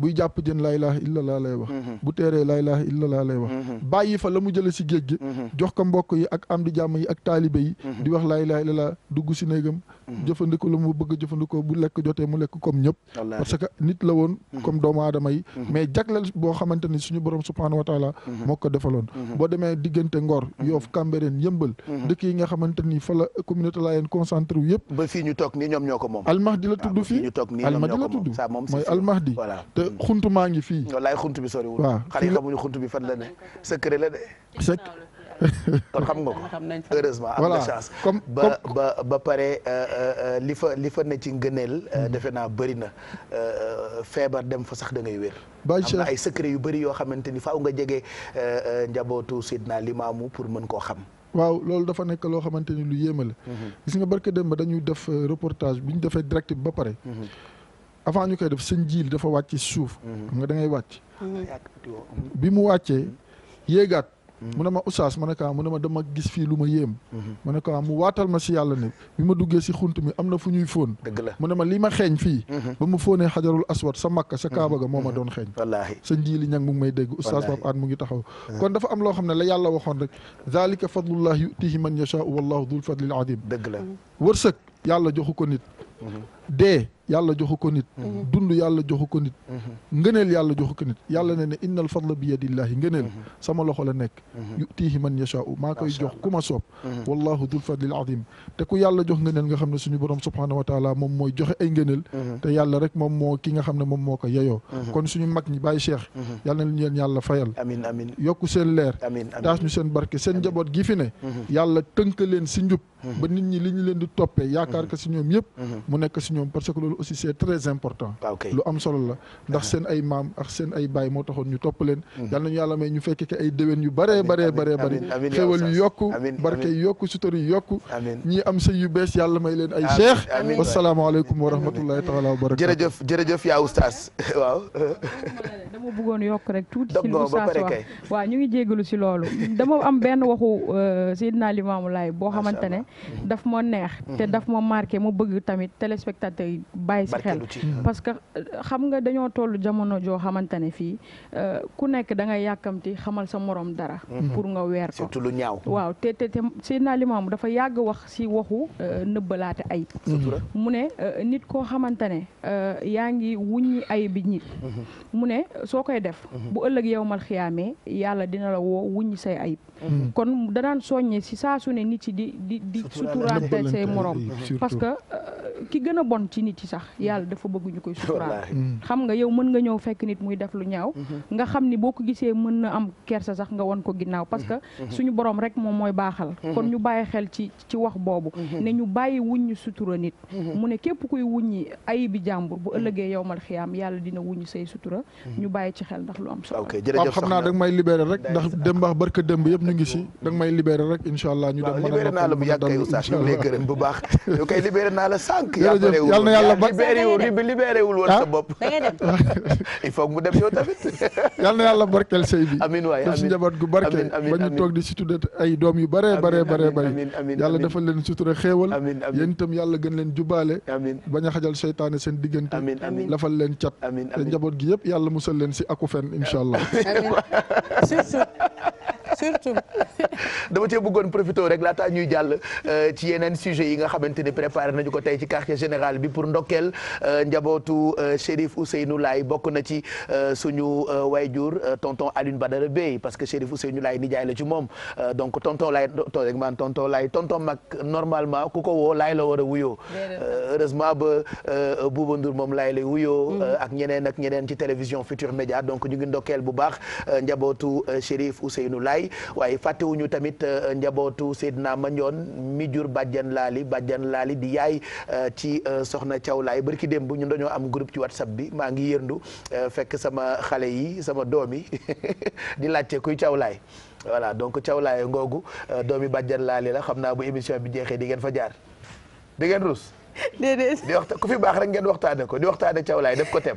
buy jàpp jën laa ilaha illallah lay wax mm-hmm. bu teeree laa ilaha illallah lay wax mm-hmm. bàyyi fa la mu jële si géej gi mm-hmm. jox ko mbokk yi ak am di jàmm yi ak taalibe yi di wax laa la la dugg si néegam Mhm. jëfandikoo lu mu bëgg jëfandikoo bu lekk jotee mu lekk comme ñëpp parce que nit la woon mhm. comme doomu aadama yi mhm. mais jagleel boo xamante suñu borom subhaanahu wa taala moo ko defaloon boo demee diggante Ngor Yoof Cambérène Yëmbal dëkk yi nga xamante fa la communauté laayeen concentré wu yëpp ba fii ñu toog nii ñoom ñoo ko moom almahdi la tudd fii almahdi la tudd mooy almahdi te mm. xunt maa ngi fii wallaay xale yi xunt bi fan la ne kon xam nga ko heureusement am na chance ba ba ba pare euh, euh, euh, li fa li fa ne ci ngëneel hmm. defe naa bëri na feebar dem fa sax da ngay wér am na ay secret yu bëri yoo xamante ni faaw nga jege njabootu Sidna Limaamu pour mën koo xam waaw loolu dafa nekk loo xamante ni lu yéeme la hmm. gis nga barke dem ba dañuy def reportage bi ñu defee direct bi ba pare hmm. avant ñu koy def seen jiil dafa wàcc suuf xam nga da wàcc bi mu wàccee yéegaat mu ne ma oustaz ma ne ko mu ma gis fii lu ma yéem mhm. ma ne ko mu waatal ma si yàlla ne bi ma duggee si xunt am na fu ñuy fóon dëgg la mu ne ma li ma xeeñ fii mhm. ba mu fóonee xajarul aswad sa makka sa kaaba ga mhm. moo ma doon xeeñ wallaahi sa njiili ñang mu ngi may dégg oustaz Pape Hann mu ngi taxaw kon dafa am loo xam ne la yàlla waxoon rek zalika fadlullah yutihi man yashaau wallahu dul fadlil adim dëgg la wërsëg ko nit dee yàlla joxu ko nit mhm. Mhm. dund yàlla joxu ko nit mhm. ngëneel yàlla joxu ko yàlla ne ne innal fadla bi yadillahi ngëneel sama loxo la nekk yutiihi man yashaau maa koy jox ku ma soob wallahu dul fadlil azim te ku yàlla jox ngëneel nga xam ne suñu borom subhanahu wa moom mooy joxe ay ngëneel te yàlla rek moom moo ki nga xam ne moom moo ko yeyoo kon suñu mag ñi bàyyi cheikh yàlla na leen yàlla fayal amiin amiin yokku seen leer taas ñu seen barke seen njaboot gi fi ne yàlla tënk leen si njub ba nit ñi li ñu leen di toppee yaakaar ko mhm. si ñoom yëpp mhm. mu nekk si ñoom parce que loolu aussi c'est très important ah, lu am solo la ndax mhm. seen ay maam ak seen ay baay moo taxoon ñu topp leen yal ñu yàlla may ñu fekke ke ay déwén yu bëree bëree bëree bëri xéwal yu yokku barke yu yokku sutur yu yokku ñi am sëy yu bees yàlla may leen ay cheikh wasalaamaaleykum wa rahmatullahi taala wa barakatu jërëjëf jërëjëf yaa oustaz waaw dama yokk rek tuuti si lu oustaz wax ñu ngi jégalu si loolu dama am benn waxu euh, Seydina Limaamu Laay boo xamante ne dafa ma neex te daf ma marqué ma bëgg tamit téléspectateur yi bàyyi si xel parce que euh, xam nga dañoo toll jamono joo xamante ne fii euh, ku nekk da nga yàkkamti xamal sa morom dara mm-hmm. pour nga weer ko surtout lu ñaaw waaw te te te Seydina Limaamu dafa yàgg wax si waxu euh, nëbbalaate ayib mu ne nit koo xamante ne yaa ngi wuñ ayib bi mm-hmm. mu ne soo koy def mm-hmm. bu ëllëg yow mal xiyaamee yàlla dina la woo wuñ say ayib kon danaan soññe si saa su ne nit ci di suturaal say morom parce que euh, ki gën a bon ci nit yi sax yàlla dafa bëgg ñu koy suturaal mm. xam nga yow mën nga ñëw fekk nit muy def lu ñaaw mm-hmm. nga xam ni boo ko gisee mën na am kersa sax nga won ko ginnaaw parce que mm-hmm. Mm-hmm. suñu borom rek moom mooy baaxal kon ñu bàyyi xel ci ci wax boobu ne ñu bàyyi wuññi sutura nit mu ne képp kuy wuññi ayibi jàmbur bu ëllëgee yow mal xiyaam yàlla dina wuññi say sutura ñu bàyyi ci xel ndax lu am solo waaw xam naa da nga may libéré rek ndax dem baax barka démb yëpp ñu ngi si da nga may libéré rek incha allah ñu a noppal a dal incha allah bu yàgg kay jërëjëf yal na yàlla ba libéré wul ah? mu dem yow tamit yal na yàlla barkeel sëy bi amiin waay def si njaboot gu barke ba ñu toog di si tudde ay doom yu bare bare bare bare yàlla defal leen sutura xéewal yéen itam yàlla gën leen jubale bañ a xajal seytaane seen diggante lafal leen cat te njaboot gi yëpp yàlla musal leen si aku fen incha allah surtout. dama cee bëggoon profité rek laataa ñuy jàll euh, ci yeneen sujet yi nga xamante ni préparé nañu ko tey ci quartier général bi pour ndokkeel euh, njabootu euh, Chérif Ousseynou Laye bokk na ci suñu wayjur tonton Alioune Badara Bey parce que Chérif Ousseynou Laye nijaay la ci moom donc tonton Laye tonton rek man tonton Laye tonton mag normalement ku ko woo Laye la war a wuyoo. heureusement ba Bouba Ndour moom Laye lay wuyoo. Mm-hmm. ak ñeneen ak ñeneen ci télévision Futur Média donc ñu ngi ndokkeel bu baax njabootu Chérif Ousseynou Laye Ndiaye waaye fàttewuñu tamit euh, njabootu naa ma Mandione mi jur bàjjan laali bàjjan laali di yaay euh, ci euh, soxna Thiaw Laay barki démb ñun dañoo am groupe ci WhatsApp bi maa ngi yërndu fekk sama xale yi sama doom yi di laajte kuy Thiaw Laay voilà donc Thiaw Laay ngoogu doomi bàjjan laali la xam naa bu émission bi jeexee di ngeen fa jaar di ngeen rus déedéet di waxta ku fi baax rek ngeen waxtaane ko di waxtaane caw laay def ko tem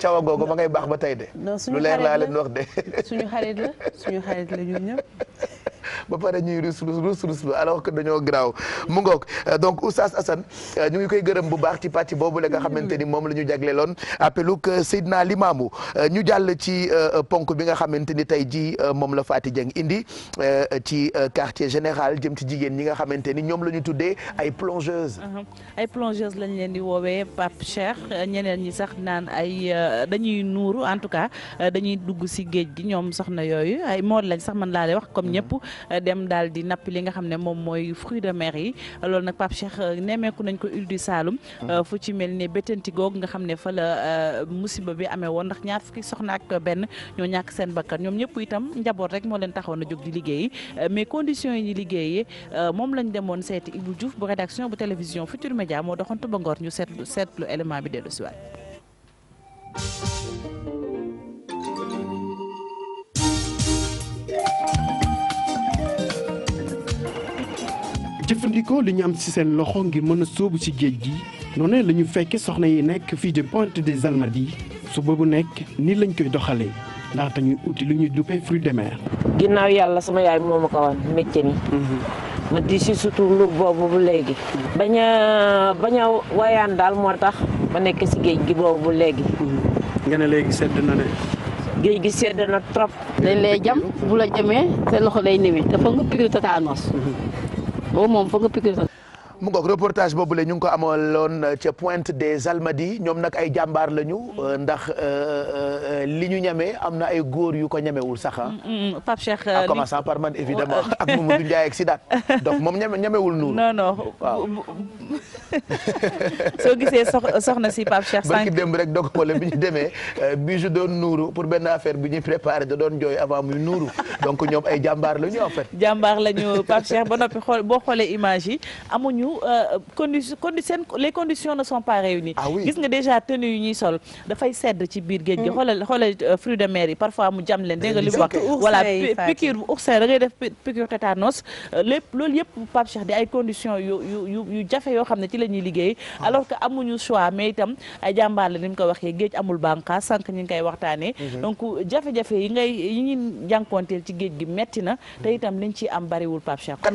caw a ma ngay baax ba tey de. lu leer laa leen wax de. suñu xarit la suñu xarit la ñun ñëpp. ba pare ñuy rus rus rus lu alors que dañoo graaw mu ngoog euh, donc Oustaz Assane euh, ñu ngi koy gërëm bu baax ci pàcc boobu la nga xamante ni moom la ñu jagleeloon appeluk Seydina Limaamu euh, ñu jàll ci ponk bi nga xamante ni tey jii moom la Fati Dieng indi ci quartier général jëm ci jigéen ñi nga xamante ni ñoom la ñu tuddee ay plongeuses. ay plongeuses lañ leen di woowee Pape Cheikh ñeneen ñi sax naan ay dañuy nuuru en tout cas dañuy dugg si géej gi ñoom soxna yooyu ay mool lañ sax man laa lay wax comme mm-hmm. ñëpp Euh, dem daal di nappi li nga xam ne moom mooy fruit de mer yi loolu nag Pape Cheikh euh, nemmeeku nañ ko Île du Saloum hmm. euh, fu ci mel ni bétanti goog nga xam ne fa la musiba bi amee woon ndax ñaar fukki soxna benn ñoo ñàkk seen bakkan ñoom ñëpp itam njaboot rek moo leen taxoon a jóg di liggéey mais condition yi ñu liggéeyee moom lañ demoon seeti Ibou Diouf bu rédaction bu télévision Futur Média moo doxantu ba ngoor ñu seetlu seetlu élément bi dellu si jëfandikoo li ñu am ci seen loxo ngir mën a sóobu ci géej gi noonu la ñu fekkee soxna yi nekk fii de Pointe des Almadies suba bu nekk nii lañ koy doxalee ndaxte ñuy uti lu ñuy duppee fruit de mer. ginnaaw yàlla sama yaay moo ma ko wan métier ni mhm. ma di si surtout lu boobu bu léegi. bañ a bañ a wayaan daal moo tax ba nekk si géej gi boobu bu léegi. Mhm. nga ne léegi sedd na ne. géej gi sedd na trop. dañ lay jam bu la jamee seen loxo lay newee te nga piqûre tétanos mhm. boobu moom foog nga piqûre mu ngoog reportage boobu la ñu ngi ko amaloon euh, ca Pointe des Almadies ñoom nag ay jàmbaar lañu. Mm-hmm. Euh, ndax euh, li ñu ñamee am na ay góor yu ko ñamewul sax ah. Mm-hmm. Pape Cheikh man évidemment ak moom ñame ñamewul nuuru. non non waaw. soo gisee soxna si Pape Cheikh. sànq barki démb rek dog wala bi ñu demee doon nuuru pour benn affaire bi ñuy préparé da doon jooy avant muy nuuru donc ñoom ay jàmbaar lañu en fait. jàmbaar lañu Pape Cheikh ba noppi image yi amuñu. Euh, condition ne sont pas réunies. ah gis nga déjà tenue yu ñuy sol dafay sedd ci biir géej gi. Mm. xoolal xoolal euh, de mer yi parfois mu jam leen. dégg nga wax voilà piqûre bu oursin da ngay def piqûre tétanos euh, lépp loolu yëpp Pape Cheikh di ay conditions yu yu yu yu jafe yoo xam ne ci la ñuy liggéey. Ah. alors que amuñu choix mais itam ay jàmbaar la ni mu ko waxee géej amul bànqaas sànq ñu ngi koy waxtaanee. Mhm. donc jafe-jafe yi ngay yi ñuy jànkuwanteel ci géej gi metti na. te mhm. itam liñ ciy am bariwul Pape Cheikh. kan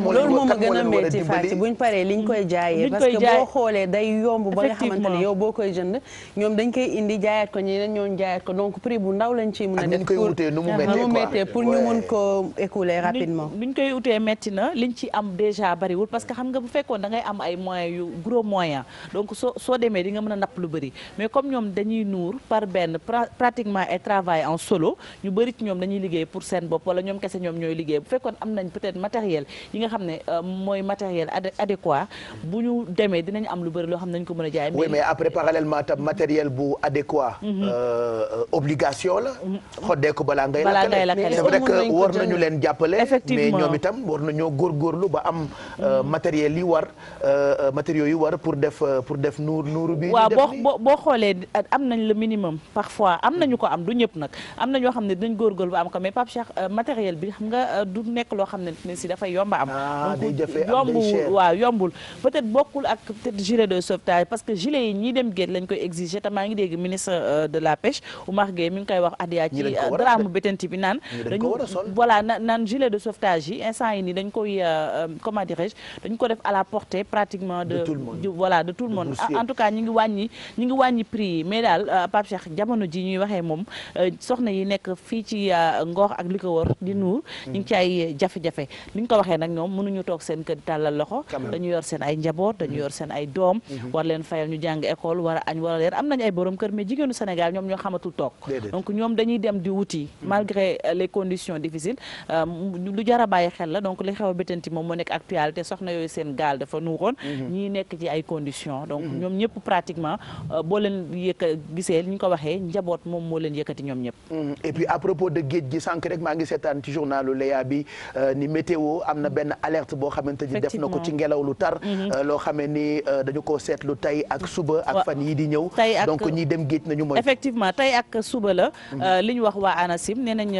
a a ñu koy jaayee parce que boo xoolee day yomb ba nga xamante ne yow boo koy jënd ñoom dañ koy indi jaayaat ko ñeneen ñoom jaayaat ko donc prix bu ndaw lañ ciy mën a def pour nu mu méttee pour ñu mun ko écouler rapidement luñ koy wutee métti na liñ ci am déjà bariwul parce que xam nga bu fekkoon da ngay am ay moyens yu gros moyens donc soo demee di nga mën a napp lu bëri mais comme ñoom dañuy nuur par benn pratiquement ay travail en solo ñu bëri ci ñoom dañuy liggéey pour seen bopp wala ñoom kese ñoom ñooy liggéey bu fekkoon am nañ peut-être matériel yi nga xam ne euh, mooy matériel adéquat bu ñu demee dinañ am lu bëri loo xam ne dañ ko mën a jaay. oui mais après parallèlement tam matériel bu adéquat. Mhm. Euh, obligation la. Mhm. xoddee ko balaa ngay lakkale c'est vrai que war nañu leen jàppale. effectivement mais ñoom itam war nañoo góorgóorlu ba am. Euh, mhm. matériel yi war euh, matériaux yi war pour def pour def nuur nuuru bi. waaw boo boo xoolee am nañ le minimum parfois am nañu ko am du ñëpp nag am na ñoo xam ne dinañ góorgóorlu ba am ko mais Pape Cheikh matériel bi xam nga du nekk loo xam ne si dafay yomba am. ah day jafe am yombul yombul. peut-être bokkul ak gilet de sauvetage parce que gilet yi ñiy dem géej lañ koy exiger te maa ngi dégg ministre euh, de la pêche Oumar Gueye mi ngi koy wax adiya ci euh, drame Bettenty bi naan dañu voilà naan gilet yi nii dañ koy euh, comment dirais-je dañ ko def à la portée pratiquement de voilà de tout le monde en tout cas ñi ngi wàññi ñi ngi wàññi prix yi mais daal Pape Cheikh jamono ji ñuy waxee moom soxna yi nekk fii ci Ngor ak li ko wër di nuur mm. ñu ngi ci ay jafe-jafe li ñu ko waxee nag ñoom mënuñu toog seen kër tàllal loxo dañu yor seen ay njaboot dañu mm-hmm. yor seen ay doom mm-hmm. war leen fayal ñu jàng école war a añ war a leer am nañu ay borom kër mais jigéenu Sénégal ñoom ñoo xamatul toog donc ñoom dañuy dem di wuti mm-hmm. malgré euh, les conditions difficiles euh, lu jar a bàyyi xel la donc li xew a bétanti moom moo nekk actualité soxna yooyu seen gaal dafa nuuroon ñii nekk ci ay conditions donc ñoom ñëpp pratiquement euh, boo leen yëkka gisee ñu ko waxee njaboot moom moo leen yëkkati ñoom ñëpp et puis Mhm. Euh, loo xamee ni euh, dañu ko seetlu tey ak suba ak fan yii di ñëw donc ñii dem géej nañu mooy effectivement tey ak suba la mhm. euh, li ñu wax waa ANACIM nee nañ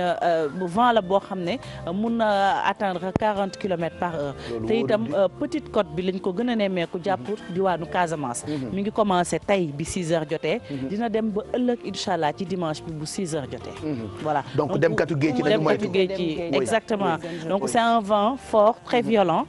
vent la boo xam ne mun na atteindre quarante kilomètres par heure te itam petite cote bi lañ ko gën a nemmeeku jàpp mhm. waanu Casamance mi ngi commencé tey bi 6 heures jotee dina dem ba ëllëg incha allah ci dimanche bi bu 6 heures jotee voilà donc demkatu géej ci nañu moytu demkatu géej ci exactement donc c'est un vent fort très violent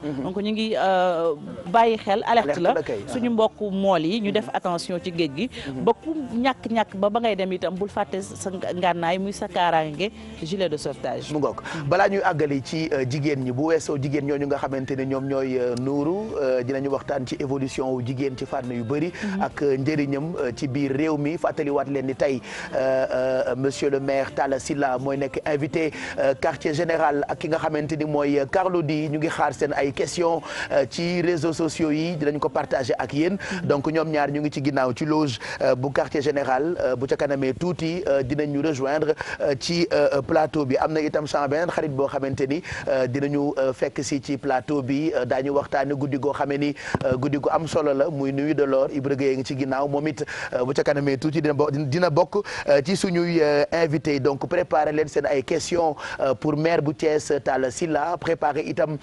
bàyyi xel alerte la suñu ah. mbokk mool yi ñu def mhm. attention ci géej gi mhm. ba ku ñàkk-ñàkk ba ba ngay dem itam bul fàtte sa ngànnaay muy sa kaaraange gilet de sauvetage mu ngoog bala ñuy àggali ci euh, jigéen ñi bu weesoo jigéen ñooñu nga xamante ne ñoom ñooy euh, nuuru euh, dinañu waxtaan ci évolution wu jigéen ci fànn yu bëri mhm. ak njëriñam ci biir réew mi waat leen ni tey monsieur le maire Talla Sylla mooy nekk invité quartier général ak ki nga xamante ni mooy Carlou D ñu ngi xaar seen ay ci réseau réseaux sociaux yi dinañ ko partager ak yéen donc ñoom ñaar ñu ngi ci ginnaaw ci loge euh, bu quartier général euh, bu ca kanamee tuuti euh, dinañ ñu rejoindre ci plateau bi am na itam sans beneen xarit boo xamante ni dinañu fekk si ci plateau bi daañu waxtaane guddi goo xamee ni guddi gu am solo la muy nuyu de l'or Ibrahima ngi ci ginnaaw moom it bu ca kanamee tuuti dina dina bokk ci suñuy invité donc préparer leen seen ay questions pour maire bu Thiès Talla Sylla préparer itam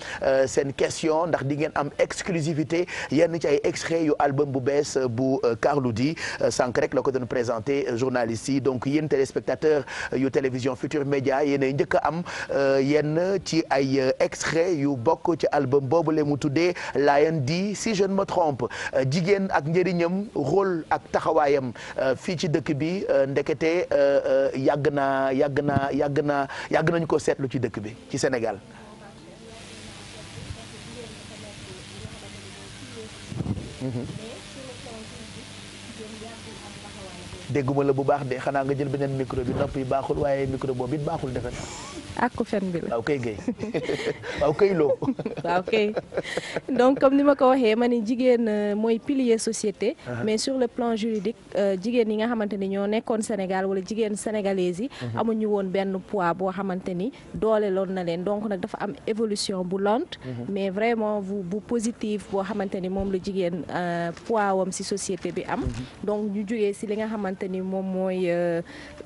seen question ndax di ngeen am exclu exclusivité yenn ci ay extrait yu album bu bees euh, bu karlu euh, di euh, sànq rek la ko doon présenté journaliste yi donc yéen téléspectateurs yu télévision Futur Média yéenay njëkk a am yenn ci ay extrait yu bokk ci album boobu le mu tuddee Lion di si je ne me jigéen ak njëriñam rôle ak taxawaayam fii ci dëkk bi ndekete yàgg naa yàgg naa yàgg naa yàgg nañu ko seetlu ci dëkk bi ci Sénégal dégguma la bu baax de xanaa nga jël beneen micro bi nopp yi baaxul waaye micro boobu it baaxul defe àkku fen bi la waaw kay gay waaw kay loo waaw kay donc comme ni ma ko waxee ma ni jigéen euh, mooy pilier société mais sur le plan juridique euh, jigéen yi nga xamante ni ñoo nekkoon Sénégal wala jigéen sénégalaise yi amuñu woon benn poids boo xamante ni doole loon na leen donc nag dafa am évolution bu lente mais vraiment bu bu boo xamante ni moom la jigéen euh, poids wam si société bi am donc ñu jógee si li nga xamante ni moom mooy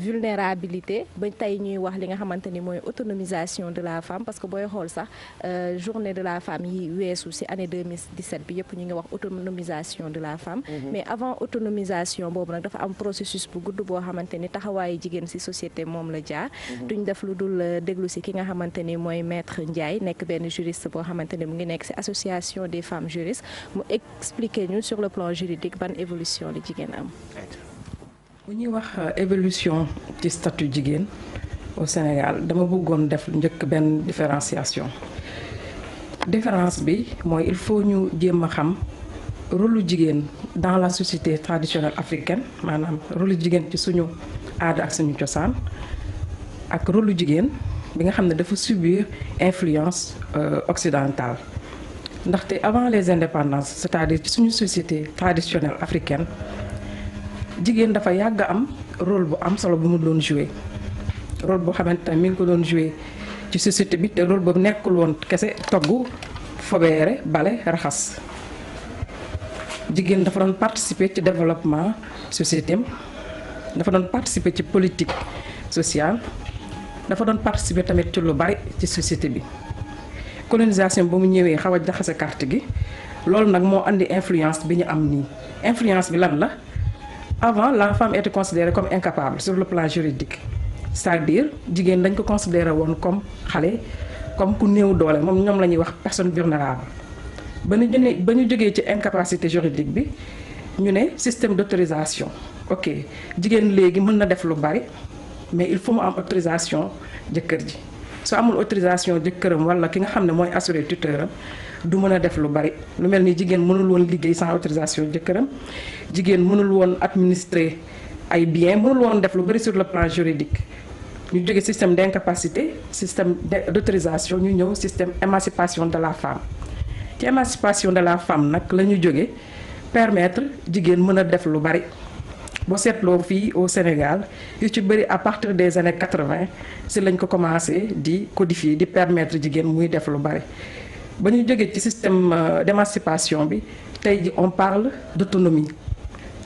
vulnérabilité ba tey ñuy wax li xamante ni mooy auto autonomisation de la femme parce que booy xool sax euh, journée de la femme yi weesu ci année 2017 bi yëpp ñu ngi wax autonomisation de la femme mhm. mais avant autonomisation boobu nag dafa am processus bu gudd boo xamante ni taxawaayu jigéen ci société moom la jaar mhm. duñ def lu dul euh, déglu ci ki nga xamante ni mooy maître Ndiaye nekk benn juriste boo xamante ni mu ngi nekk ci association des femmes juristes mu expliquer ñu sur le plan juridique ban évolution la jigéen am bu ñuy wax euh, évolution ci statut jigéen au Sénégal dama bëggoon def njëkk benn différenciation différence bi mooy il faut ñu jéem a xam rôlu jigéen dans la société traditionnelle africaine maanaam rôlu jigéen ci suñu aada ak suñu cosaan ak rôlu jigéen bi nga xam ne dafa subir influence euh, occidentale ndaxte avant les indépendance cest à ci suñu société traditionnelle africaine jigéen dafa yàgg am rôle bu am solo bu mu doon jouer rôle boo xamante ne mu ngi ko doon joué ci société bi te rôle boobu nekkul woon kese togg fobeere bale raxas jigéen dafa doon participer ci développement société am dafa doon participer ci politique sociale dafa doon participer tamit ci lu bari ci société bi colonisation ba mu ñëwee xaw a jaxase carte gi loolu nag moo indi influence bi ñu am nii influence bi lan la avant la femme était considérée comme incapable sur le plan juridique cest à jigéen dañ ko considéré woon comme xale comme ku néew doole moom ñoom la ñuy wax personne vulnérable ba ñu jëlee ba ñu jógee ci incapacité juridique bi ñu ne système d'autorisation ok jigéen léegi mën na def lu bari mais il faut mu am autorisation jëkkër ji su amul autorisation jëkkëram walla ki nga xam ne mooy assuré tuteuram du mën a def lu bari lu mel ni jigéen mënul woon liggéey sans autorisation jëkkëram jigéen mënul woon administrer ay biens mënul woon def lu bari sur le plan juridique ñu jóge système d'incapacité système d'autorisation ñu ñëw système émancipation de la femme ci émancipation de la femme nag la ñu jóge permettre jigéen mën a def lu bari boo seetloo fii au Sénégal yu ci bëri à partir des années quatre-vingt si lañ ko commencé di codifier di permettre jigéen muy def lu bari ba ñu jóge ci système euh, d'émancipation bi tey ji on parle d'autonomie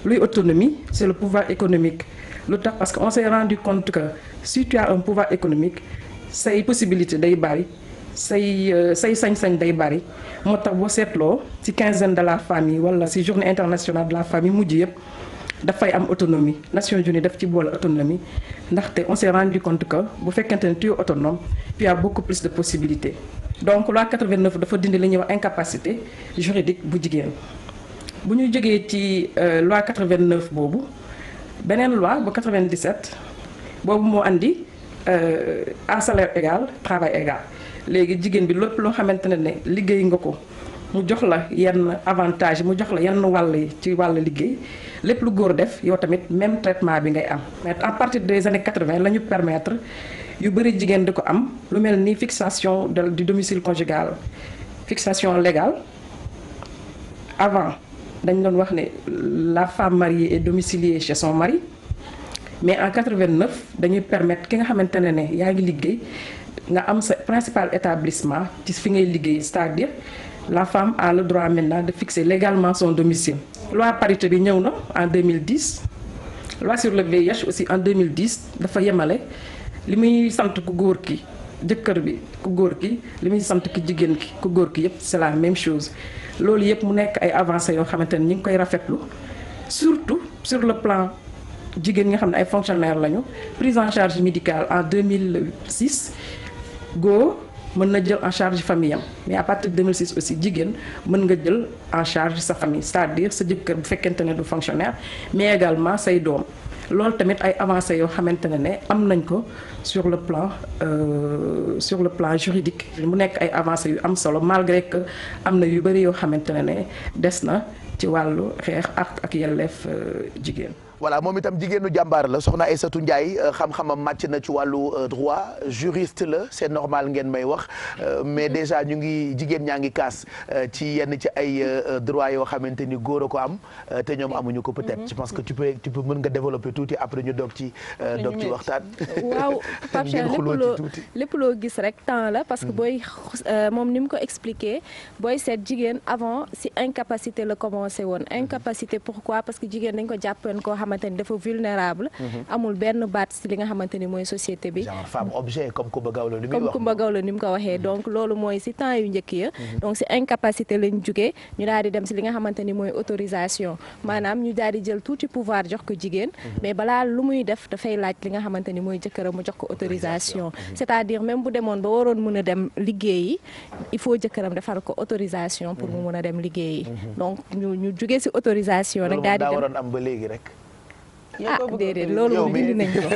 luy autonomie c'est le pouvoir économique lu tax parce que on s'est rendu compte que si tu un pouvoir économique say possibilité day bari say euh, say sañ-sañ day bari moo tax boo seetloo ci quinzaine de la famille wala ci journée internationale de la famille mujj yëpp dafay am autonomie Nations Unies daf ci boole autonomie ndaxte on s'est rendu compte que bu fekkente ne tu autonome tu as beaucoup plus de possibilité donc loi 89 dafa dindi li ñuy wax incapacité juridique bu jigéen bu ñu jógee ci euh, loi 89 boobu beneen loi ba 97 boobu moo indi euh, à salaire égal travail égal léegi jigéen bi lépp loo xamante ne ne liggéey nga ko mu jox la yenn avantage mu jox la yenn wàll yi ci wàll liggéey lépp lu góor def yow tamit même traitement bi ngay am mais à partir des années 80 la ñu permettre yu bëri jigéen di ko am lu mel ni fixation du domicile conjugal fixation légale avant dañu doon wax ne la femme marie est domiciliée chez son mari mais en 89 dañuy permettre ki nga xamante ne ne yaa ngi liggéey nga am sa principal établissement ci fi ngay liggéey c'est-à-dire la femme a le droit maintenant de fixer légalement son domicile. loi parité bi ñëw na en 2010 loi sur le VIH aussi en 2010 dafa yemale li muy sant ku góor ki jëkkër bi ku góor ki li muy sant ki jigéen ki ku góor ki yépp c'est la même chose. loolu yëpp mu nekk ay avancées yoo xamante ni ñu ngi koy rafetlu surtout sur le plan jigéen nga xam ne ay fonctionnaires lañu prise en charge médical en 2006 góor mën na jël en charge famille am mais à partir de aussi jigéen mën nga jël en charge sa famille c'est-à-dire sa jëkkër bu fekkente ne du fonctionnaire mais également say doom. loolu tamit ay avancées yoo xamante ne ne am nañ ko sur le plan euh, sur le plan juridique mu nekk ay avancées yu am solo malgré que am na yu bëri yoo xamante ne ne des na ci wàllu xeex ak ak yelleef euh, jigéen voilà moom itam jigéenu jàmbaar la soxna ay satu Ndiaye euh, xam-xamam màcc na ci wàllu euh, droit juriste la c'est normal ngeen may wax euh, mais déjà ñu ngi jigéen ñaa ngi kaas ci yenn ci ay droit yoo xamante ni góor a ko am te ñoom amuñu ko peut-être mhm. je que tu peux mën nga développer tuuti après ñu doog ci doog ci waxtaan waaw Pape Cheikh lépp loo lépp loo gis rek temps la parce que mhm. booy moom ni mu ko expliquer booy seet jigéen avant si incapacité la commencé woon mhm. incapacité pourquoi parce que jigéen dañ ko jàppoon xamante ni dafa vulnérable. Mhm. amul benn baat si li nga xamante ni mooy société bi. genre femme objet comme Coumba Gawlo li muy comme Coumba Gawlo ni mu ko waxee mhm. donc loolu mooy si temps yu njëkk ya. Mhm. donc si incapacité lañ jugee ñu daal di dem si li nga xamante ni mooy autorisation maanaam ñu daal di jël tuuti pouvoir jox ko jigéen. mais balaa lu muy def dafay laaj li nga xamante ni mooy jëkkëram mu jox ko autorisation. c'est-à-dire même bu demoon ba waroon mën a dem liggéeyi il faut jëkkëram defal ko autorisation pour mu mën a dem liggéeyi. donc ñu ñu jugee si autorisation rek ba léegi rek. ah déedéet loolu dindi nañ ko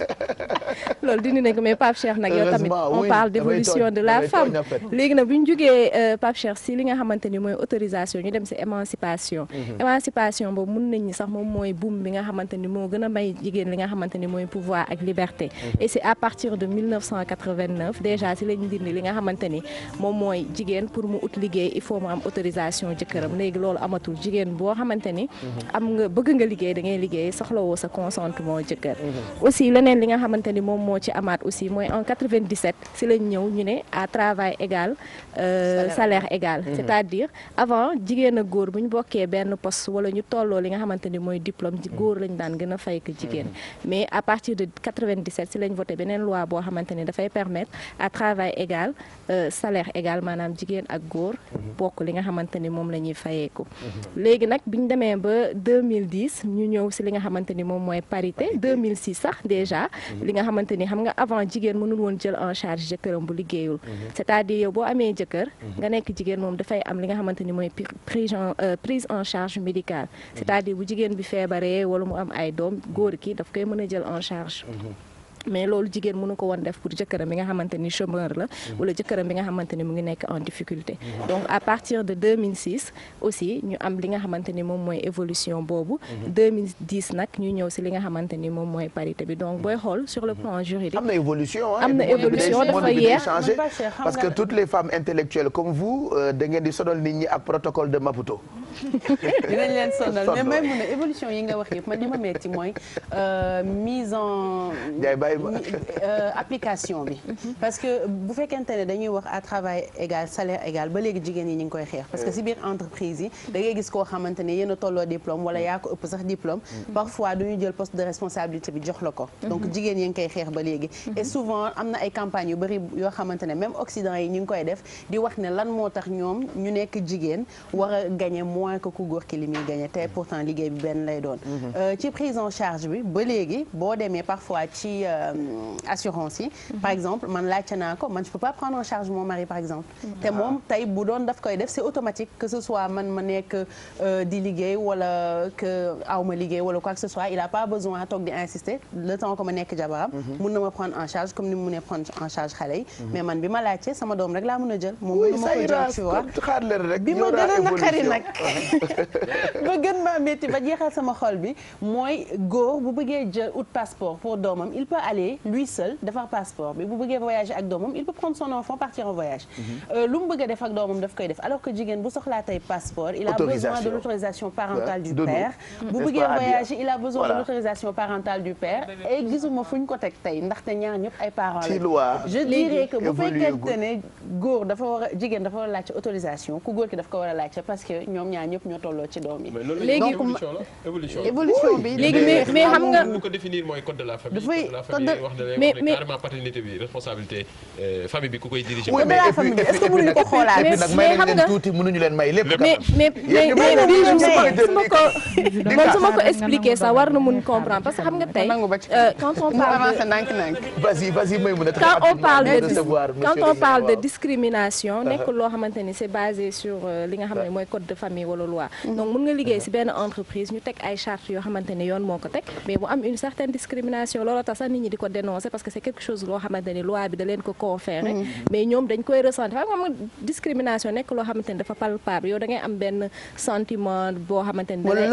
loolu dindi nañ ko mais Pape Cheikh nag yow tamit on parle d'évolution de la femme léegi nag bu ñu jógee euh, Pape Cheikh si li nga xamante ni mooy autorisation ñu dem si émancipation mhm. émancipation boobu mun nañ ni sax moom mooy boom bi nga xamante ni moo gën a may jigéen li nga xamante ni mooy pouvoir ak liberté mhm. et c'est à partir de 1989 déjà si lañ dindi li nga xamante ni moom mooy jigéen pour mu ut liggéey il faut mu am autorisation jëkkëram léegi loolu amatul jigéen boo xamante ni mhm. am nga bëgg nga liggéey da ngay liggéey fekkee soxlawoo sa consentement jëkkër mhm. aussi leneen li nga xamante ni moom moo ci amaat aussi mooy en 97 si lañ ñëw ñu ne à travail égal Euh, salaire égal mm -hmm. c'est-à-dire avant jigéen ak góor bu ñu bokkee benn poste wala ñu tolloo li nga xamante ni mooy diplome ji mhm. góor lañu daan gën a fay ko jigéen mhm. mais à partir de 97 si lañ voté beneen loi boo xamante ni dafay permettre à travail égal euh, salaire égal maanaam jigéen ak góor mhm. bokk li nga xamante ni moom la ñuy fayeeku léegi nag bi ñu demee ba 2010 ñu ñëw si li nga xamante ni moom mooy parité 2006 sax déjà li nga xamante ni xam nga avant jigéen mënul woon jël en charge jëkkëram bu liggéeyul cest jëkkër mhm. nga nekk jigéen moom dafay am li nga xamante ni mooy prise euh, prise en charge médicale mhm. c'est-à-dire bu jigéen bi feebaree wala mu am ay doom góor ki daf koy mën a jël en charge mhm. mais loolu jigéen mënu ko woon def pour jëkkëram bi nga xamante ni chômeur la mhm. wala jëkkëram bi nga xamante ni mu ngi nekk en difficulté mhm. donc à partir de aussi ñu am li nga xamante moom mooy évolution boobu 2010 mhm. nag ñu ñëw si li nga xamante ni moom mooy parité bi donc booy xool sur le plan juridique am am na évolution dafa yeex parce que toutes les femmes intellectuelles comme vous euh, da di sonal nit ñi ak protocole de Maputo dinañ leen sonal mais may yi nga wax Euh, application bi. Mhm. parce que bu fekkente ne dañuy wax à égal salaire égal ba léegi jigéen yi ñu ngi koy xeex. parce que si biir entreprise yi. da gis koo xamante ne yéen a tolloo diplôme wala yaa ko ëpp sax diplôme. Mm. parfois du ñu jël poste de responsabilité bi jox la ko. Mhm. donc jigéen yi ngi koy xeex ba léegi. Mhm. et souvent am na ay campagnes yu bari yoo xamante ne même Occident yi ñu ngi koy def di wax ne lan moo tax ñoom ñu nekk jigéen war a gagné moins que ku góor ki li muy gagné te pourtant liggéey bi benn lay doon. Euh, Euh, assurance yi. Mhm. par exemple man laajte naa ko man je peux pas prendre en charge mon mari par exemple. te moom tey bu doon daf koy def c'est automatique que ce soit man ma nekk euh, di liggéey wala que aw ma liggéey wala quoi que ce soit il a pas besoin toog di insister le temps que ma nekk jabaram. Mhm. mun na ma prendre en charge comme ni mu mënee prendre en charge xale yi. Mhm. mais man bi ma laajte sama doom rek laa mën a jël. moom mooy ma ko jox tu vois bi ma gën a naqari nag ba gën maa métti ba jeexal sama xol bi mooy góor bu bëggee jël ut passeport pour doomam il peut aller lui seul defar passeport bi bu bëggee voyager ak doomam il peut prendre son enfant partir en voyage mhm. euh, lu mu bëgg a def ak doomam daf koy def alors que jigéen bu soxlaa tey passeport il a besoin de l'autorisation parentale du père mm. bu bëggee voyager il a besoin de l'autorisation parentale du père et gisuma fu ñu ko teg tey ndaxte ñaar ñëpp ay parents la je dirais que bu fekkente ne góor dafa war a jigéen dafa war a laajte autorisation ku góor ki daf ko war a laajte parce que ñoom ñaar ñëpp ñoo tolloo ci doom yi léegi évolution bi léegi mais xam nga ko définir mooy code de la famille wax na leen carrément paternité bi responsabilité euh, famille bi ku koy diriger. oui mais est-ce que mënuñu ko xoolaat mais xam nga tuuti mënuñu leen may lépp. mais mais mais mais su ma ko man su ma ko expliquer ça war na mun comprendre parce que xam nga tey. Euh, quand on parle de vas-y vas-y may mun a. quand on parle de quand on parle de discrimination ah, nekk ah. loo xamante ni c'est basé sur euh, li nga xam ne ah. mooy code de famille wala loi. Mm-hmm. donc mun nga liggéey ci mm-hmm. benn entreprise ñu teg ay chartes yoo xamante ne yoon moo ko teg mais bu am une certaine discrimination looloo tax sax nit ñi di ko dénoncer parce que c'est quelque chose loo xamante ne loi bi da leen ko conféré mm. mais ñoom dañ koy ressentir xam nga discrimination nekk loo xamante ni dafa palpable yow da ngay am benn sentiment boo xamante ne wala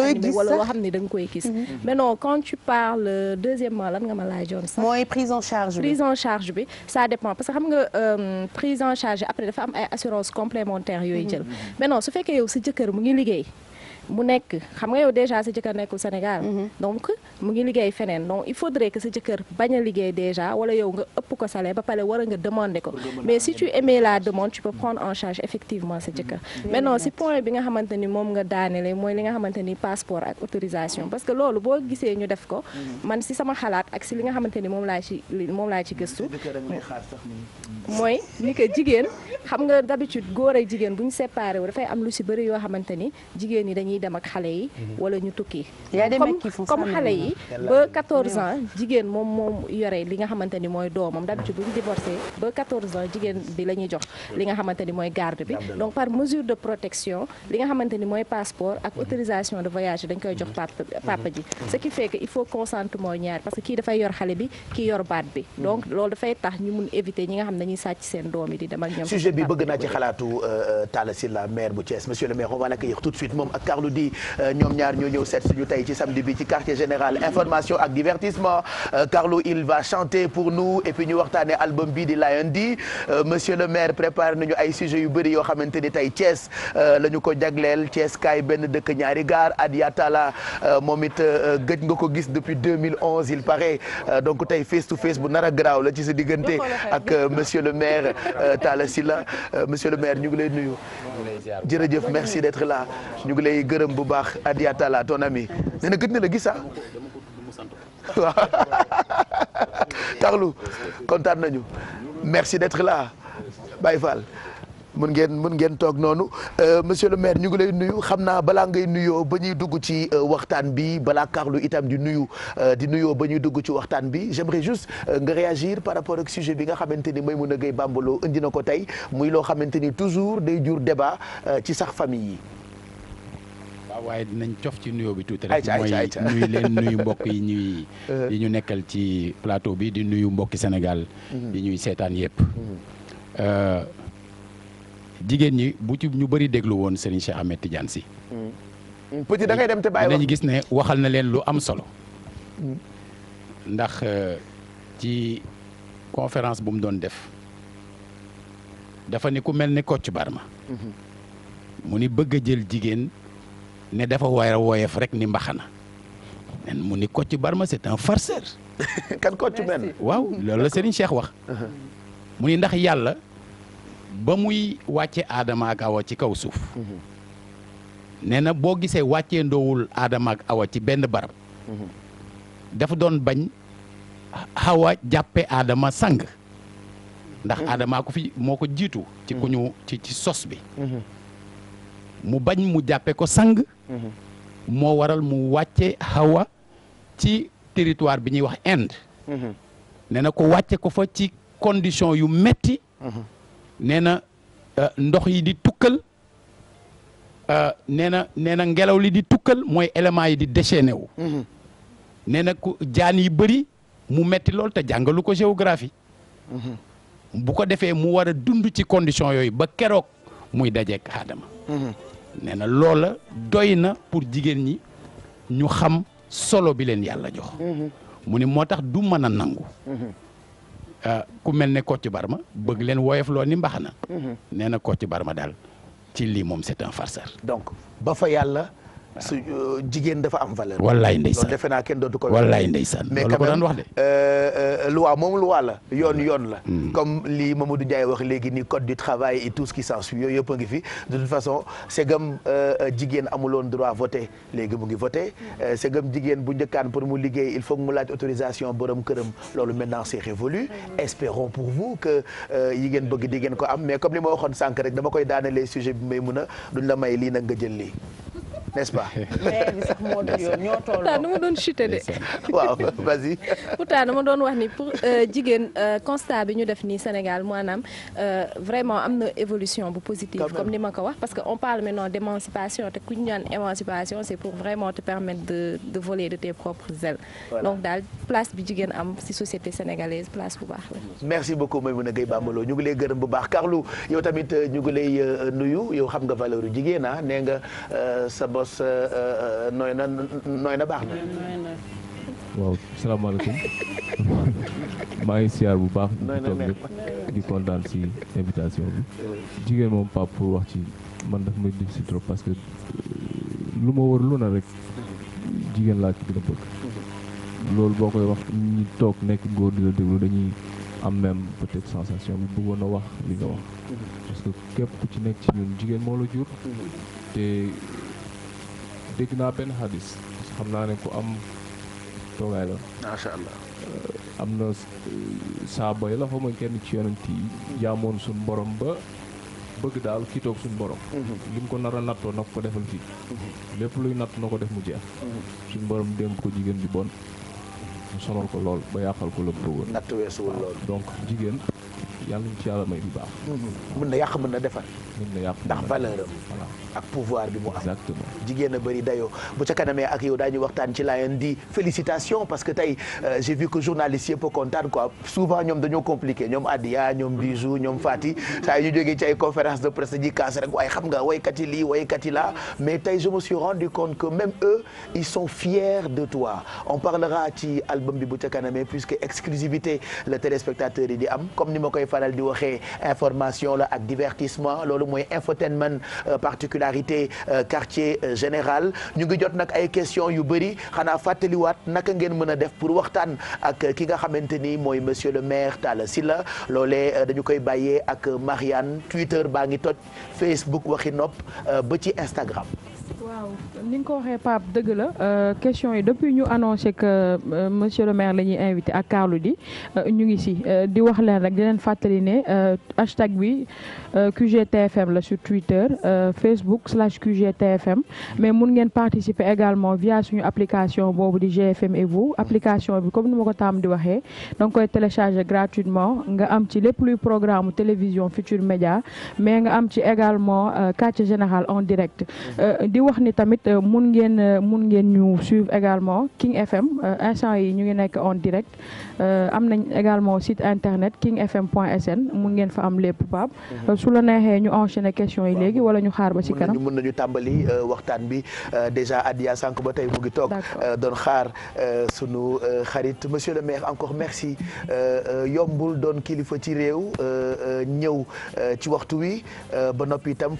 loo xam ne da nga koy gis mm-hmm. mais non quand tu parles euh, deuxièmement lan nga ma laajoon sax mooy prise en charge bi prise en charge bi ça dépend parce que xam nga euh, prise en charge après dafa am ay assurance complémentaire yooyu mm-hmm. jël mais su fekkee yow si jëkkër mu ngi liggéey mu nekk xam nga yow déjà sa jëkkër nekkul Sénégal. Mm-hmm. donc mu ngi liggéey feneen donc il faudrait que sa jëkkër bañ a liggéey déjà wala yow nga ëpp ko salaire ba pare war a nga demander ko mais si tu aimais la demande tu peux prendre en charge effectivement sa jëkkër. Mm-hmm. si point bi nga xamante ni moom nga daanele mooy li nga xamante ni passeport ak autorisation parce que loolu boo gisee ñu def ko. Mm-hmm. man si sama xalaat ak si li nga xamante ni moom laa ci moom laa ci gëstu. mooy ni que jigéen xam nga d'habitude góor ak jigéen bu ñu séparé wu dafay am lu si bëri yoo xamante ni jigéen ñi dañuy dañuy dem ak xale yi mhm. wala ñu tukki comme xale yi ba 14 ans jigéen moom moom yore li nga xamante mooy doomam d'habitude bu ñu divorcé ba 14 ans jigéen bi la jox li nga xamante mooy garde bi donc par mesure de protection li nga xamante mooy passeport ak mhm. autorisation de voyage dañ koy jox mhm. papa ji ce qui fait que il faut consentement ñaar parce que kii dafay yor xale bi kii yor baat bi donc loolu dafay tax ñu mun éviter ñi nga xam ne Modou Di euh, ñoom ñaar ñoo ñëw seet suñu tey ci samedi bi ci quartier général information ak divertissement euh, Carlo il va chanter pour nous et puis ñu waxtaanee album bi di Lion D euh, monsieur le maire prépare nañu ay sujets yu bëri yoo xamante ni tey Thiès la ñu ko jagleel Thiès kaay benn dëkk ñaari gaar Adia Talla moom it gëj nga ko gis depuis 2011 il paraît donc tey face to face bu nar a garaaw la ci sa diggante ak monsieur le maire Talla Sylla monsieur le maire ñu ngi lay nuyu jërëjëf merci d'être là ñu ngi lay gërëm bu baax Adia Talla ton ami nee na gëj na la gis ah waaw kontaan nañu merci d'être là Baye Fall mun ngeen mun ngeen toog noonu euh, monsieur le maire ñu ngi lay nuyu xam naa balaa ngay nuyoo ba ñuy dugg ci euh, waxtaan bi balaa Carlou itam di nuyu euh, di nuyoo ba ñuy dugg ci waxtaan bi j'aimerais juste nga réagir par rapport ak sujet bi nga xamante ni a Gueye bàmbaloo indi na ko tey muy loo xamante ni toujours day jur débat ci sax famille yi. waaye dinañ cof ci nuyoo bi tuuti rek. mooy nuyu leen nuyu mbokk yi ñuy. Uh-huh. yi ñu nekkal ci plateau bi di nuyu mbokki Sénégal. Uh-huh. yi seetaan yëpp. Uh-huh. Uh, ñi bu ci ñu bëri déglu woon Serigne Cheikh Ahmed Tidiane Sy. petit da ngay dem te bàyyi dinañ gis ne waxal na leen lu am solo. ndax uh, ci conférence bu mu doon def dafa ku mel ni Kocc Barma mu ni bëgg jël jigéen ne dafa war a rek ni mbaxana nen mu ni Kocc Barma c'est un farceur. kan Kocc men waaw loolu la Serigne wax. Uh-huh. mu ni ndax yàlla ba muy wàcce aadama ak awa ci kaw suuf. Uh-huh. nee na boo gisee wàccee ndoowul aadamaak ak awa ci benn barab. Uh-huh. dafa doon bañ xawa jàppe aadama sang. ndax aadama ko fi moo ko jiitu. ci ku ñu ci sos bi. mu bañ mu jàppe ko sang. moo waral mu wàcce Hawa ci territoire bi ñuy wax Inde. Mhm. nee na ko wàcce ko fa ci condition yu metti mhm. nee na euh, ndox yi di tukkal euh, nee na nee na ngelaw li di tukkal mooy éléments yi di déchaîné wu. Mhm. nee na ku jaan yi bëri mu metti lool te jàngalu ko géographie. bu ko defee mu war a dund ci condition yooyu ba keroog muy dajeek Aadama. nee na loola doy na pour jigéen ñi ñu xam solo bi leen yàlla jox. mu ni moo tax du mën a nangu. Ah ku mel ne Kocc Barma bëgg leen woyof loo ni mbax na. Mhm. nee na Kocc Barma daal ci lii moom c'est un farceur. donc ba fa yàlla. su euh, jigéen dafa am valeur. wallaay ndeysaan loolu defe naa kenn dootu ko. wallaay ndeysaan loolu ko daan wax de. mais euh, euh, loi moom loi la yoon yoon la. Hmm. comme lii li du Ndiaye wax léegi nii code du travail et tout ce qui s'ensuit yooyu yëpp ngi fi de toute façon segam jigéen amuloon droit voter léegi mu ngi voter segam hmm. jigéen bu njëkkaan pour mu liggéey il faut mu laaj autorisation borom këram loolu maintenant c'est révolu hmm. espérons pour vous que yi ngeen bëgg di ngeen ko am mais comme li ma waxoon sànq rek dama koy daanelee sujet may mun a duñ la may lii nag nga jël lii. n'est-ce pas. Eh, eh, maire bi sax moo dul yoon ñoo tolloo. pourtant dama doon chuté de. waaw vas-y. pourtant dama doon wax ni pour euh, jigéen euh, constat ñu def nii Sénégal maanaam euh, vraiment am na évolution bu positive. comme ni ma ko wax parce que on parle maintenant d'émancipation te ku ñu naan émancipation c'est pour vraiment te permettre de de voler de tes propres ailes. donc daal place bi jigéen am ci société sénégalaise place bu baax la. merci beaucoup Maimouna Gueye Bambaloo ñu ngi lay gërëm bu baax Carlou yow tamit ñu ngi lay nuyu yow xam nga valeur yu jigéen ah bos euh, euh, nooy na nooy na baax na. waaw salaamaaleykum maa ngi siyaar bu baax. nooy na neex di kontaan si invitation bi. jigéen moom Pape pour wax ci man daf may si trop parce que euh, lu ma wër lu na rek jigéen laa ci gën bëgg. loolu boo koy wax ñi toog nekk góor di la déglu dañuy am même peut-être sensation bi bëggoon wax li nga wax. Mm-hmm. parce que képp ci nekk ci ñun jigéen moo la jur. Mm-hmm. te dégg naa benn xadis xam naa ne ku am toogaay la. macha allah. Euh, am na euh, saaba yi la xaw kenn ci yonent yi jaamoon suñu borom ba bëgg daal kii toog borom. Mhm. li ko nar nattoo na ko defal fii. Mhm. lépp luy natt na ko def mu jeex. Mhm. suñu borom dénk ko jigéen bi bon. mu sonal ko lool ba yàqal ko la bëggoon. natt weesuwul lool donc jigéen. yàlla ñu ci yàlla may bu baax. Mhm. mën na yàq mën na defar. ndax valeur ak pouvoir bi mu am. exactement jigéen a bëri dayoo bu ca kanamee ak yow daañu waxtaan ci laayeen di félicitation parce que tey euh, j'ai vu que journaliste yëpp kontaan quoi souvent ñoom dañoo compliqué ñoom Adia ñoom Bijou ñoom Fati saa yu ñu ci ay conférence de presse ji kaas rek waaye xam nga waykat yi lii waykat yi mais tey je me rendu compte que même eux ils fiers de toi on parlera ci album bi bu ca kanamee puisque faral di waxee information la ak divertissement loolu mooy infotainment euh, particularité euh, quartier euh, général ñu ngi jot nag ay questions yu bëri xanaa fàttaliwaat naka ngeen mën a def pour waxtaan ak ki nga xamante ni mooy monsieur le maire Talla la loole dañu koy bàyyee ak Marianne Twitter baa ngi toj Facebook waxi nop ba ci Instagram. waaw ni nga ko waxee Pape dëgg la euh, question yi depuis ñu annoncé que euh, monsieur le maire la ñuy invité ak Carlou di euh, ñu ngi si di wax leen rek di leen fàttali ne hashtag bi QGTFM la sur Twitter Facebook slash QGTFM mais mun ngeen participer également via suñu application boobu di GFM et vous application bi comme ni ma ko taam di waxee dang koy télécharger gratuitement nga am ci lépp luy programme télévision Futur Média mais nga am ci également quartier général en direct. di wax ni tamit euh, mun ngeen euh, mun ngeen ñu suivre également King FM euh, instant yi ñu ngi nekk en direct am nañ également site internet kingfm.sn mun ngeen fa am lépp Pape. Mhm. su la neexee ñu enchaîner question yi léegi wala ñu xaar ba ci kanam. mun nañu tàmbali waxtaan bi déjà Adia Sànq ba tey mu ngi toog. doon xaar sunu xarit monsieur le maire encore merci yombul doon kilifa ci réew ñëw ci waxtu wi ba noppi itam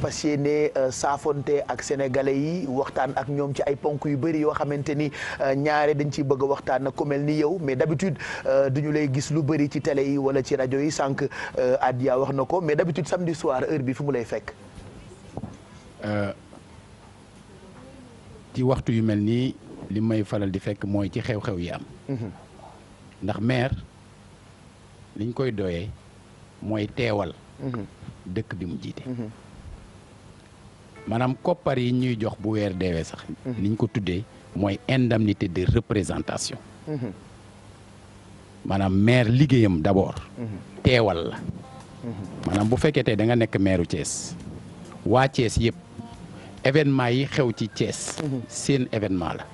saafonte ak sénégalais. xale yi waxtaan ak ñoom ci ay ponk yu bëri yoo xamante ni euh, ñaare dañ ciy bëgg waxtaan ak ko mel ni yow mais d'habitude euh, du lay gis lu bëri ci tele yi wala ci rajo yi sànq euh, Adia wax na ko mais dabitude samedi soir heure bi fu mu lay fekk. ci waxtu yu mel nii li may faral di fekk mooy ci xew-xew yi am. Mhm. ndax maire liñ koy doyee mooy teewal. Mhm. dëkk bi mu jiite. Mhm. maanaam koppar yi ñuy jox bu weer deewee sax. Mhm. niñ ko tuddee mooy indemnité de représentation. Mhm. maanaam maire liggéeyam d'abord. Mhm. teewal la. maanaam bu fekkee tey da nga nekk maireu Thiès waa Thiès yëpp événement yi xew ci Thiès. seen événement la.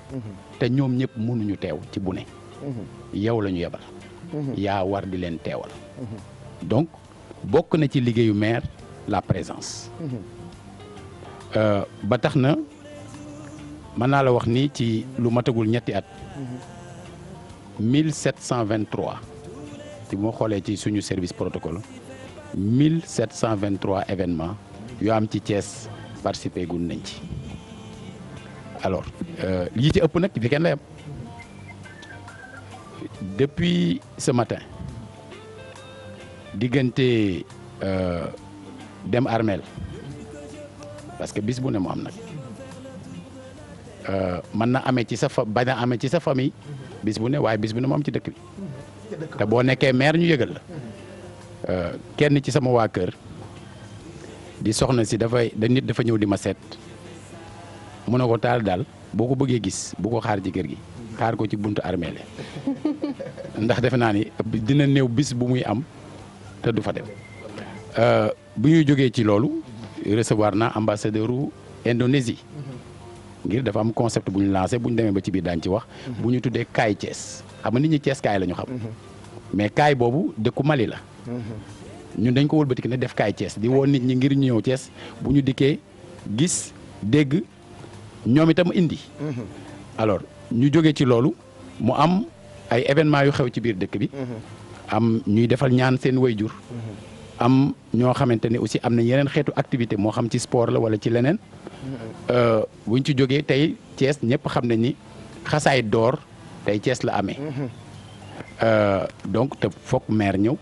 te ñoom ñëpp mënuñu teew ci bu ne. yow lañu ñu yebal. yaa war di leen teewal. donc bokk na ci liggéeyu maire la présence. Euh, ba tax na mën naa la wax ni ci lu matagul ñetti at. 1723 ci moo xoolee ci suñu service protocole 1723 événements yoo am ci cees participé gun nañ ci alors lii euh, ci ëpp nag weekend la yam depuis ce matin diggante euh, dem armel parce que bis bu ne mu am nag euh, mën na amee ci sa fa bañ amee ci sa famille bis bu ne waaye bis bu ne mu am ci dëkk bi te boo nekkee maire ñu yëgal la euh, kenn ci sama waa kër di soxna si dafay da dafa ñëw di ma seet mu ne ko taal daal boo ko bëggee gis bu ko xaar ci kër gi xaar ko ci buntu armée ndax defe naa ni dina néew bis bu muy am te du fa dem euh, bu ñuy jógee ci loolu. recevoir na ambassadeur u Indonésie ngir dafa am concept bu ñu lancé bu ñu demee ba ci biir daañu ci wax bu ñu tuddee kaay Thiès xam nga nit ñi Thiès kaay la ñu xam mais kaay boobu dëkku Mali la ñun dañ ko wëlbati ne def kaay Thiès di woo nit ñi ngir ñu ñëw Thiès bu ñu dikkee gis dégg ñoom itam indi alors ñu jóge ci loolu mu am ay événement yu xew ci biir dëkk bi am ñuy defal ñaan seen wayjur am ñoo xamante ni aussi am nañ yeneen xeetu activité moo xam ci sport la wala ci leneen euh, buñ ci jógee tey Thiès ñëpp xam nañ ni xasaay door tey Thiès la amee euh, donc te foog maire ñëw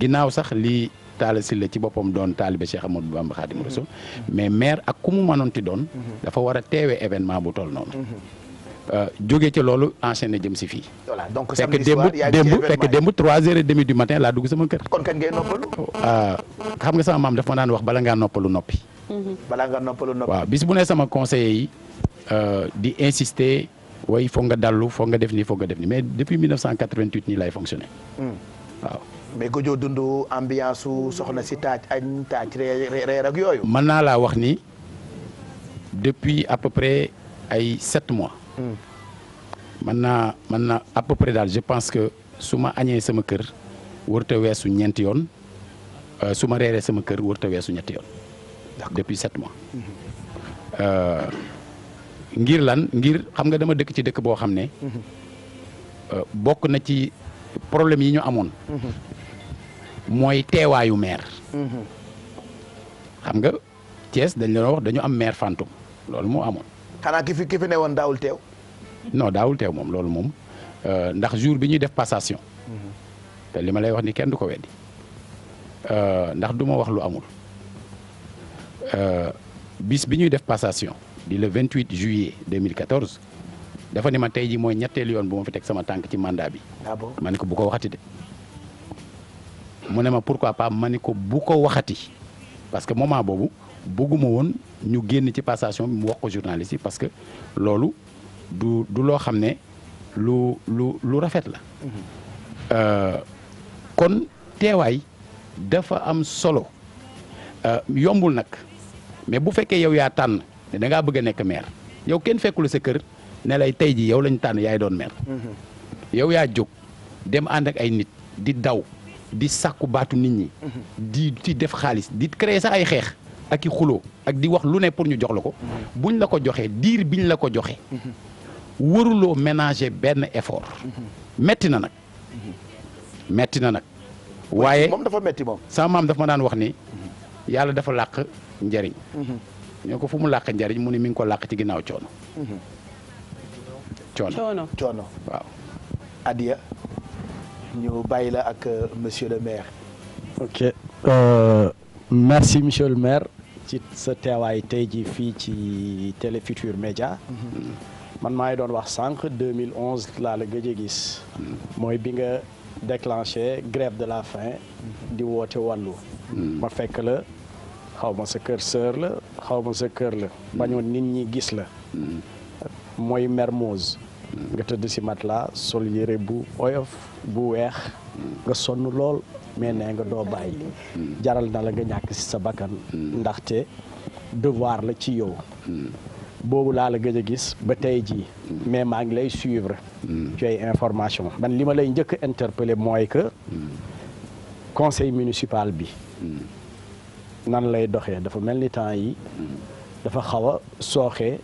ginnaaw sax lii Talla la ci boppam doon taalibe Cheikh Amadou Bamba Khadim Rassoul mm-hmm. mais maire ak ku mu mënoon ti doon mm-hmm. dafa war a teewee événement bu toll noonu mm-hmm. Euh, jóge ci loolu enchaîné jëm si fii. voilà donc samedi soir yaa ngi ci fekk démb 3h30 du matin laa dugg sama kër. kon kañ ngay noppalu. Euh, xam nga sama maam dafa ma daan wax bala ngaa noppalu noppi. Mhm. bala nga noppalu noppi. waaw bis bu ne sama conseiller yi euh, di insister way foog dallu foog nga def nii foog nga def nii mais depuis 1988 nii lay fonctionné. Hmm. waaw. mais gojoo dund ambiance su soxna si taaj añ taaj reer yooyu. mën naa laa wax ni depuis à peu près ay 7 mois. man naa man naa à daal je pense que su ma añee sama kër warut a weesu ñeenti yoon euh, su ma reeree sama kër warut a weesu ñetti yoon. depuis sept mois. Euh, ngir lan ngir xam nga dama dëkk ci dëkk boo xam ne. Euh, bokk na ci problème yi ñu amoon. mooy teewaayu maire. Mhm. xam nga Thiès dañ leen wax dañu am maire fantôme loolu moo amoon. xanaa ki fi ki ne woon daawul teew. non daawul teew moom loolu moom euh, ndax jour bi ñuy def passation. Mhm. te li ma lay wax ni kenn du ko weddi euh, ndax du ma wax lu amul euh, bis bi ñuy def passation di le 28 juillet 2014 dafa ni ma tey ji mooy ñetteelu yoon bu ma fi teg sama tànk ci mandat bi. Ah ma ni ko bu ko waxati de. mu ne ma pourquoi pas ma ni ko bu ko waxati parce que moment boobu. bëgguma woon ñu génn ci passation bi mu wax ko parce que loolu du du loo xam ne lu lu lu rafet la mhm. euh, kon teewaay dafa am solo euh, yombul nag mais bu fekkee yow yaa tànn ne da ngaa bëgg a nekk maire yow kenn fekkul sa kër ne lay tey ji yow lañ tànn yaay doon maire mhm. yow yaa jóg dem ànd ak ay nit di daw di sàkku baatu nit ñi mhm. di ci def xaalis di créer sax ay xeex ak i ak di wax lu ne pour ñu jox la ko buñ la ko joxee diir biñ la ko joxee waruloo ménager benn effort metti na nag metti na nag waaye moom dafa metti moom sama maam dafa ma daan wax ni yàlla dafa làq njariñ ñoo ko fu mu làq njariñ mu ne mi ko làq ci ginnaaw coono coono coono waaw ñu bàyyi ak le euh, maire monsieur le maire euh, ci sa teewaay tey ji fii ci Télé Futurs Médias man maa ngi doon wax sànq 2011 laa la gëj a gis mooy bi nga déclenché grève de la fin di woote wàllu ma fekk la xaw ma sa kër sœur la xaw ma sa kër la bañoon nit ñi gis la mooy Mermoz nga tëdd si matelas sol yére bu oyof bu weex nga sonn lool mais nee nga doo bàyyi. jaral na la nga ñàkk ci sa bakkan. ndaxte devoir la ci yow. boobu laa la gëj a gis ba tey jii. mais maa ngi lay suivre. ci ay information ban li ma lay njëkk a interpeller mooy que. conseil municipal bi. nan lay doxee dafa mel ni temps yi dafa xaw a sooxee.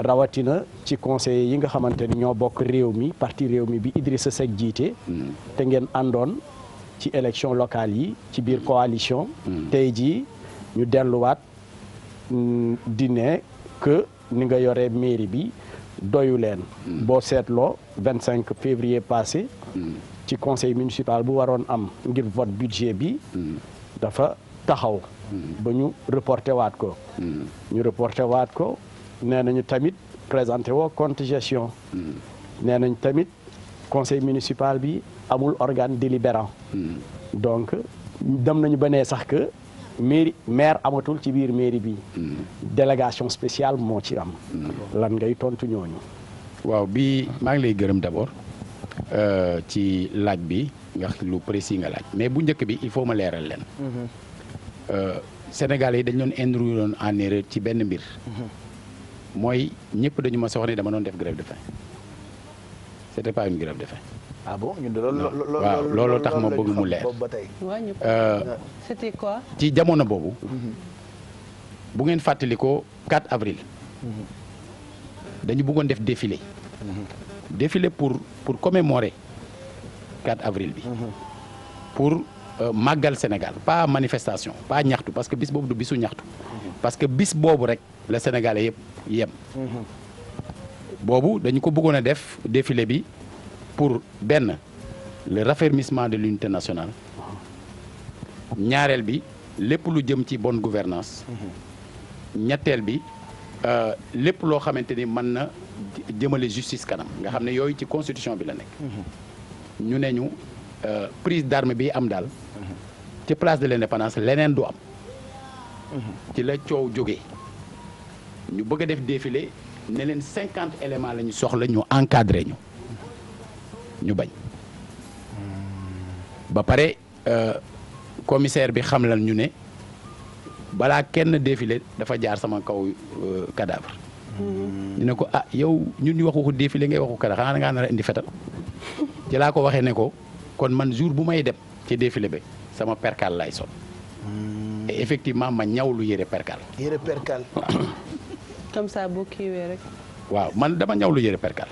rawatina ci conseil yi nga xamante ni ñoo bokk réew mi parti réew mi bi sa Seck jiite. Mm. te ngeen àndoon ci élection locale yi ci biir mm. coalition. Mm. tey jii ñu delluwaat di ne ni nga yore mairie bi doyu leen. boo seetloo vingt cinq février passé. ci conseil municipal bu waroon am ngir vote budget bi. dafa taxaw. ba ñu reporté waat ko. ñu reporté waat ko. nee nañu tamit présenté woo compte gestion mm. nee nañ tamit conseil municipal bi amul organe délibérant mm. donc dem nañu ba nee sax que maire amatul ci biir mairie bi mm. délégation spéciale moo ci am lan ngay tontu ñooñu waaw bi maa ngi lay gërëm d'abord euh, ci laaj bi nga lu précis nga laaj mais bu njëkk bi il faut ma leeral leen mm-hmm. euh, Sénégalais yi dañ doon induire en erreur ci benn mbir mm-hmm. mooy ñëpp dañu ma soxla ne dama doon def grève de faim c'était pas une grève de faim. ah bon ñun de loolu. waaw loolu tax ma bëgg mu leer. Euh, quoi. ci jamono boobu. Mhm. bu ngeen fàttalikoo 4 avril. Mhm. dañu buggoon def défilé. Mhm. défilé pour pour commémorer 4 avril bi. pour euh, màggal Sénégal pas manifestation pas ñaxtu parce que bis boobu du bisu ñaxtu. parce que bis boobu rek la Sénégalais yëpp. yem. Mhm. boobu dañu ko bëggoon a def défilé bi pour benn le raffermissement de l'unité nationale mhm. ñaareel bi lépp lu jëm ci bon gouvernance mhm. ñetteel bi euh, lépp loo xamante ni mën na jëmale justice kanam nga xam ne yooyu ci constitution bi la nekk ñu ne ñu euh, prise d'armes bi am daal ci place de l'indépendance leneen du am ci la coow jóge ñu bëgg a def défilé ne leen cinquante éléments la ñu soxla ñu encadré ñu ñu bañ ba pare euh, commissaire bi xam lan ñu ne balaa kenn défilé dafa jaar sama kaw euh, cadavre ñu ne ko ah yow ñun ñu waxu ko défilé ngay waxu kada xanaa ngaa nar a indi fetal ci ko waxee ne ko kon man jour bu may dem ci défilé bi sama percal laay sol effectivement ma ñawlu yére percal yére percal comme ça boo kiiwee rek. waaw man dama ñaw lu yëre perkal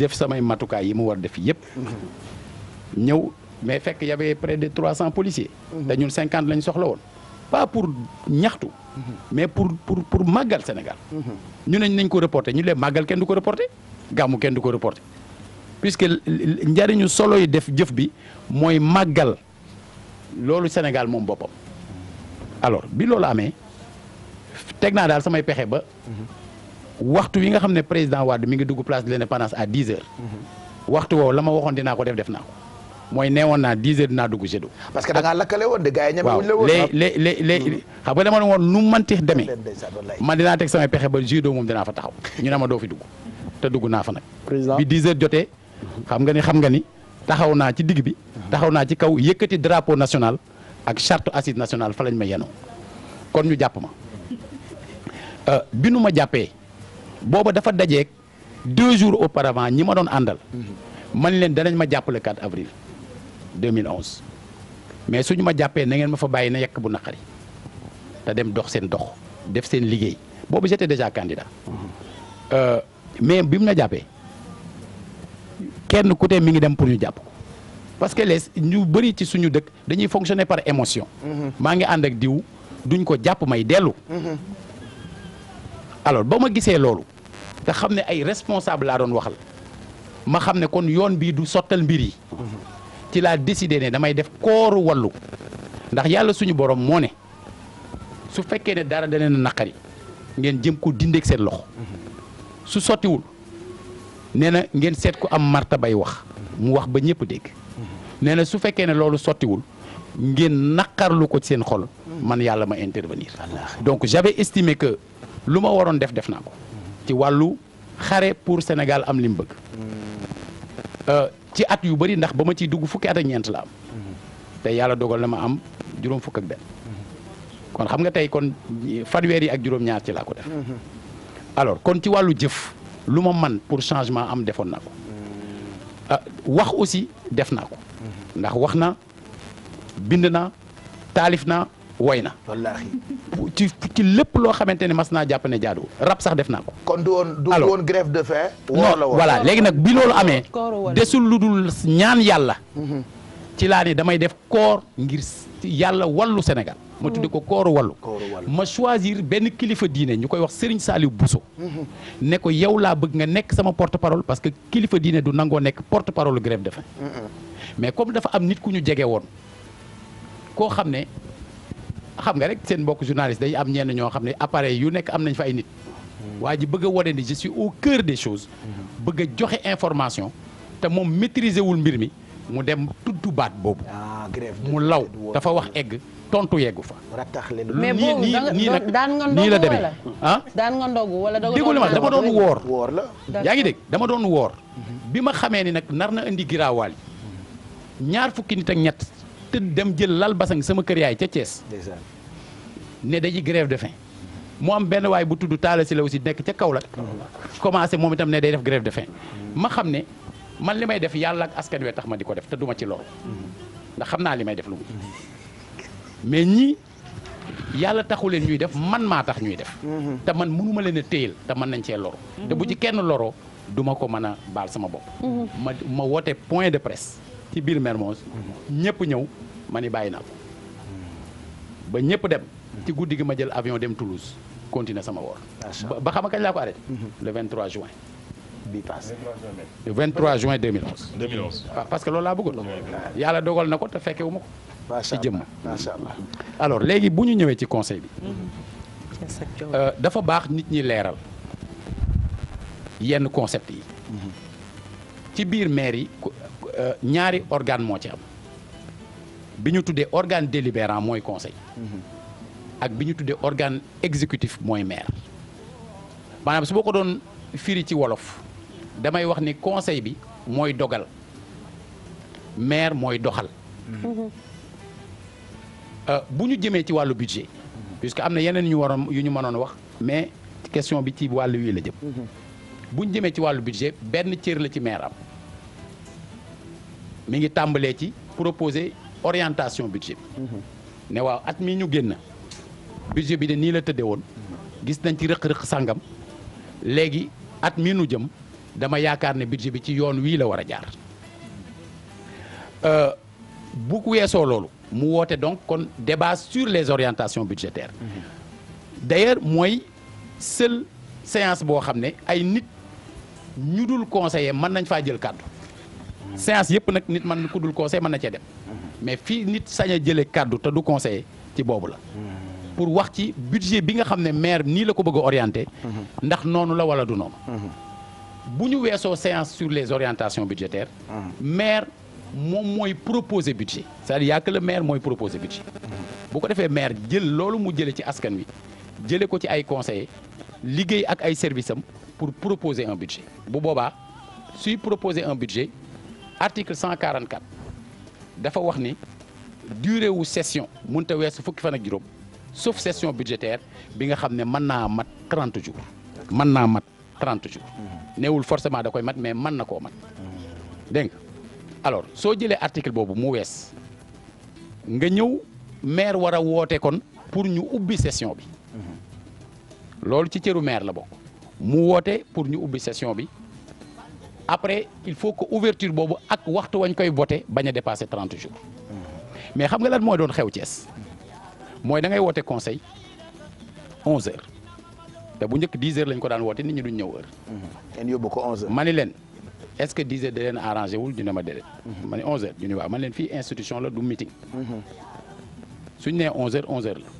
def samay matukaay yi mu war def yëpp. ñëw mais fekk y avait près de trois cents policiers. te ñun cinquante lañ soxla woon. pas pour ñaxtu. mais pour pour pour màggal Sénégal. ñu ne nañ ko reporté ñu lee màggal kenn du ko reporté gàmmu kenn du ko reporté. puisque njariñu soloy def jëf bi mooy màggal loolu Sénégal moom boppam. alors bi loolu amee teg naa daal samay pexe ba. waxtu wi nga xam ne président Wade mi ngi dugg place de l'indépendance à 10 heures. waxtu woowu la ma ko def def naa mooy neewoon naa 10 heures naa dugg Gédo. parce que da ngaa lakkale woon de gars yi ñeme wuñ la woon. waaw lé lé lé hmm. xam nga dama ma doo fi dugg te dugg naa fa nag. président bi 10 heures jotee. xam nga ni xam nga ni taxaw naa ci digg bi. taxaw naa ci kaw yëkkati drapeau national ak charte acide nationale fa lañ ma yenoo kon ñu jàpp ma. Euh, bi nu ma jàppee booba dafa dajeek deux jours auparavant ñi ma doon àndal. Mm-hmm. man leen danañ ma jàpp le 4 avril 2011 mais suñu ma jàppee na ngeen ma fa bàyyi na yekk bu naqari te dem dox seen dox def seen liggéey boobu j'étais déjà candidat mm-hmm. euh, mais bi mu na jàppee kenn ku tee mi ngi dem pour ñu jàpp parce que les ñu bëri ci suñu dëkk dañuy fonctionner par émotion. Mm-hmm. maa ngi ànd ak diw duñ ko jàpp may dellu. alors ba ma gisee loolu te xam ne ay responsable laa doon waxal ma xam ne kon yoon bii du sottal mbir yi ci laa décidé ne damay def kooru wallu ndax yàlla suñu boroom moo ne su fekkee ne dara da leen a naqari ngeen jëm ko dindeeg seen loxo su sottiwul nee na ngeen seet ko am marta bay wax mu wax ba ñëpp dégg nee na su fekkee ne loolu sottiwul ngeen naqarlu ko seen xol man yàlla ma intervenir donc j'avais estimé que lu ma waroon def def naa ko ci wàllu xare pour Sénégal am li mu bëgg euh, ci at yu bëri ndax ba ma ciy dugg fukki at ñeent la am te yàlla dogal na ma am juróom fukk ak benn kon xam nga tey kon fanweer yi ak juróom-ñaar ci laa ko def alors kon ci wàllu jëf lu ma man pour changement am defoon naa ko euh, wax aussi def naa ko ndax wax na bind na taalif na woy na. wallaahi. ci ci lépp loo xamante ne mas naa jàpp ne jaadu rab sax def naa ko. kon du woon du de faim. woor la léegi nag bi loolu amee. desul lu dul ñaan yàlla. Mhm. ci laa ne damay def koor ngir yàlla wallu Sénégal. ma mhm. tudde ko kooru wallu ma choisir benn kilifa diine ñu koy wax Serigne saali Bousso mhm. ne ko yow laa bëgg nga nekk sama porte parole parce que kilifa diine du nangoo nekk porte parole grève de faim mais comme dafa am nit ku ñu jege woon koo xam ne xam nga rek seen mbokk journaliste dañu am ñenn ñoo xam ne appareil yu nekk am nañ fa ay nit. waa ji bëgg a wane ni je suis au cœur des choses. bëgg a joxe information. te moom maîtriser wul mbir mi mu dem tudd baat boobu. Ah, mu law dafa wax egg tontu yeggu fa. mais boobu daan nga nii la demee ah. daan nga ndogu wala déglu ma dama doon woor. woor la yaa ngi dégg dama doon woor. Mhm. bi ma xamee ni nag nar na indi giraawaal yi ñaar fukki nit ak ñett. tëdd dem jël lal basang sama kër yaay ca cees ne dañuy grève de faim. mu am benn waay bu tudd Talla la aussi nekk ca Kaolack. commencé moom itam ne day def grève de faim. ma xam ne man li may def yàlla ak askan we tax ma di ko def te duma ci lool ndax xam naa li may def lu mu. mais ñii yàlla taxu leen ñuy def man maa tax ñuy def. te man mënuma leen a te mën nañ cee loro. te bu ci kenn loroo duma ko mën a baal sama bopp. Mhm. ma ma woote point de presse. ci biir Mermoz ñëpp ñëw ma ni bàyyi naa ko ba ñëpp dem ci guddi gi ma jël avion dem Toulouse continuer sama woor ba xam nga kañ laa ko arrêté mhm. le 23 juin bi passé le 23 juin 2011 2011 waaw parce que loolu laa bëggoon ah, yàlla dogal na ko te fekke wu ma ko ci jëmm macha léegi bu ñu ñëwee ci conseil bi mm-hmm. euh, dafa baax nit ñi leeral yenn concept yi mm-hmm. ci biir maire yi Euh, ñaari organe moo ci am bi ñu tuddee organe délibérant mooy conseil mm-hmm. ak bi ñu tuddee organe exécutif mooy maire maanaam su ma ko doon firi ci wolof damay wax ni conseil bi mooy dogal maire mooy doxal mm-hmm. euh, bu ñu jëmee ci wàllu budget mm-hmm. puisque am na yeneen ñu waroon yu ñu mënoon wax mais question bi ci wàllu wii la jëm bu ñu jëmee ci wàllu budget benn cër la ci maire am mi ngi tàmbalee ci proposer orientation budget bi mhm. ne waaw at mi ñu génn budget bi de nii la tëddee woon gis nañ ci rëq-rëq sàngam léegi at mi nu jëm dama yaakaar ne budget bi ci yoon wii la war a jaar euh, bu weesoo loolu mu woote donc kon débat sur les orientations budgétaires mhm. d'ailleurs mooy sël séance boo xam ne ay nit ñu dul conseiller mën nañ faa jël kàddu séance yëpp nag nit man ku dul conseil mën na cee dem mais fii nit sañ a jëlee kàddu te du conseil ci boobu la pour wax ci budget bi nga xam ne maire nii la ko bëgg a ndax noonu la wala du noonu bu ñu weesoo séance sur les orientations budgétaires maire moom mooy proposer budget c'est-à-dire le maire mooy proposer budget bu ko defee maire jël loolu mu jële ci askan wi jële ko ci ay conseil liggéey ak ay services am pour proposer un budget bu boobaa suy proposer un budget article 144 dafa wax ni durée wu session mënut a weesu fukki fan ak juróom sauf session budgétaire bi nga xam ne mën naa mat 30 jours. mën naa mat trent jours. neewul forcement da koy mat mais mën na koo mat. dégg nga alors soo jëlee article boobu mu wees nga ñëw maire war a woote kon pour ñu ubbi session bi. Mhm. loolu ci cëru maire la bokk mu woote pour ñu ubbi session bi. après il faut que ouverture boobu ak waxtu wañ koy voté bañ a dépasser trente jours mais xam nga lan moo doon xew Thiès mooy da ngay woote conseil onze heures te bu njëkk dix heures lañ ko daan woote nit ñi duñ ñëw heure. kenn yóbbu ko onze heures. ma leen est-ce que dix heures da leen arrangé wul ñu ne ma déedéet. ma ni onze heures ñu ne waaw man leen fii institution la du meeting. suñ ne onze heures onze heures la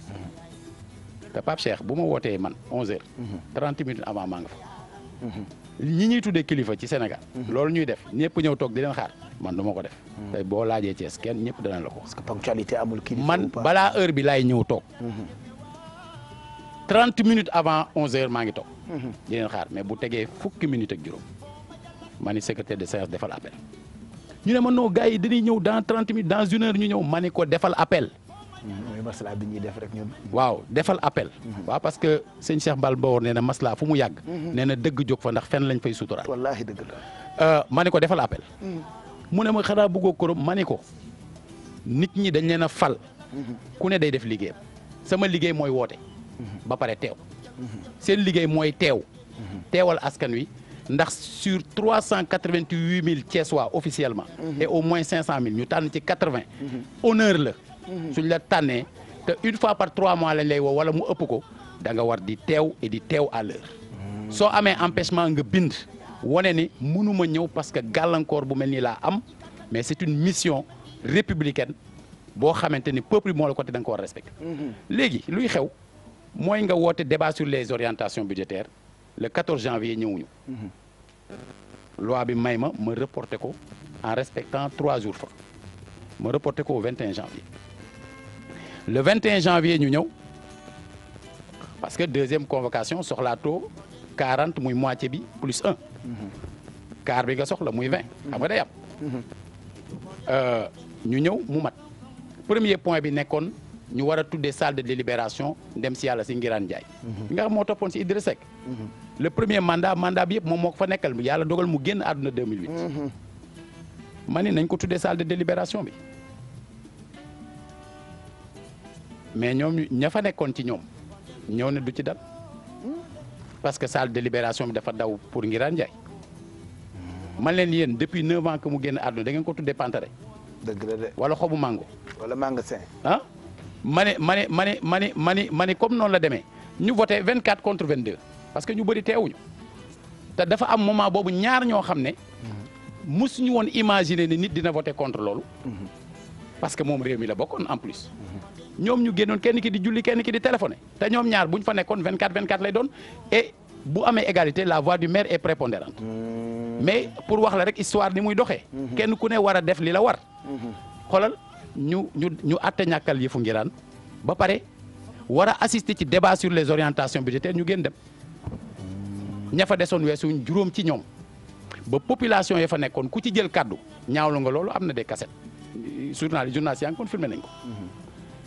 te Pape Cheikh bu ma wootee man onze heures. trente minutes avant maa nga fa. ñi ñuy tuddee kilifa ci Sénégal. Mm-hmm. loolu ñuy def ñëpp ñëw toog di leen xaar man du ma ko def. Mm-hmm. tey boo laajee Thiès kenn ñëpp danañ la ko. parce que ponctualité amul kilifa man balaa heure bi laay ñëw toog. 30 mm-hmm. minutes avant 11h maa ngi toog. di leen xaar mais bu tegee fukki minutes ak juróom ma ni secrétaire de séance defal appel. ñu ne man non gars yi dañuy ñëw dans trente minutes dans une heure ñu ñëw ma ni ko defal appel. mooy maslaa bi ñuy def rek ñun. waaw defal appel. Mhm. waaw parce que sëñ Cheikh Mbal Mbawar nee na maslaa fu mu yàgg. Mhm. nee na dëgg jóg fa ndax fenn lañ fay suturaal. wallaahi dëgg la. Euh, ma ne ko defal appel. Mhm. mu ne ma xanaa bëggoo korom ma ne ko nit ñi dañ leen a fal. ku ne day def liggéeyam sama liggéey mooy woote. ba pare teew. seen liggéey mooy teew. teewal askan wi. ndax sur trois cent quatre vingt huit mille Thiessois officiellement. et au moins cinq cent mille ñu tànn ci quatre vingt. honneur la. suñ la tànnee te une fois par trois mois lañ lay woo wala mu ëpp ko danga nga war di teew et di teew à soo amee empêchement nga bind wane ni mënuma ñëw parce que gàllankoor bu mel nii laa am mais c'est une mission républicaine boo xamante ni peuple bi moo la côté da nga ko war respecter mhm. léegi luy xew mooy nga woote débat sur les orientations budgétaires le 14 janvier ñëwuñu mhm. loi bi may ma ma reporté ko en respectant trois jours fa ma reporté ko au le 21 janvier ñu ñëw parce que deuxième convocation soxla soxlaatoo 40 muy moitié bi plus 1. quart bi nga soxla muy 20. xam nga day am. Euh, ñu ñëw mu mat premier point bi nekkoon ñu war a tuddee salle de délibération dem si yàlla si Ngiraan Ndiaye. bi nga xam moo toppoon si Idriss Seck. le premier mandat mandat bi yëpp moom moo ko fa nekkal yàlla dogal mu génn àdduna 2008. Mhm. ma ne nañ ko tuddee salle de délibération bi. mais ñoom ña fa nekkoon ci ñoom ñëw ne du ci dal parce que salle de libération bi dafa daw pour Ngiraan Ndiaye man leen yéen depuis neuf ans que mu génn àdduna da ngeen ko tuddee pantare. dëgg la de wala xobu mango. wala mangasin. ah ma ne ma ne ma ne ma comme noonu la demee ñu voté vingt quatre contre vingt deux parce que ñu bëri te dafa am moment boobu ñaar ñoo xam ne. musuñu woon imaginer ni nit dina voté contre loolu. Mhm. parce que moom réew mi la bokkoon en plus. Mhm. ñoom ñu génnoon kenn ki di julli kenn ki di téléphoné te ñoom ñaar buñ ñu fa nekkoon 24 24 lay doon et bu amee égalité la voix du maire est prépondérante. Mmh. mais pour wax la rek histoire ni muy doxee. Mmh. kenn ku ne war a def li la war. Mmh. xoolal ñu ñu ñu àtte ñàkkal yëfu ngiraan ba pare war a assister ci débat sur les orientations budgétaires ñu génn dem ñafa fa desoon weesuñ juróom ci ñoom ba population ya fa nekkoon ku ci jël kàddu ñaawlu nga loolu am na des cassettes journal journal si kon filmé nañ ko.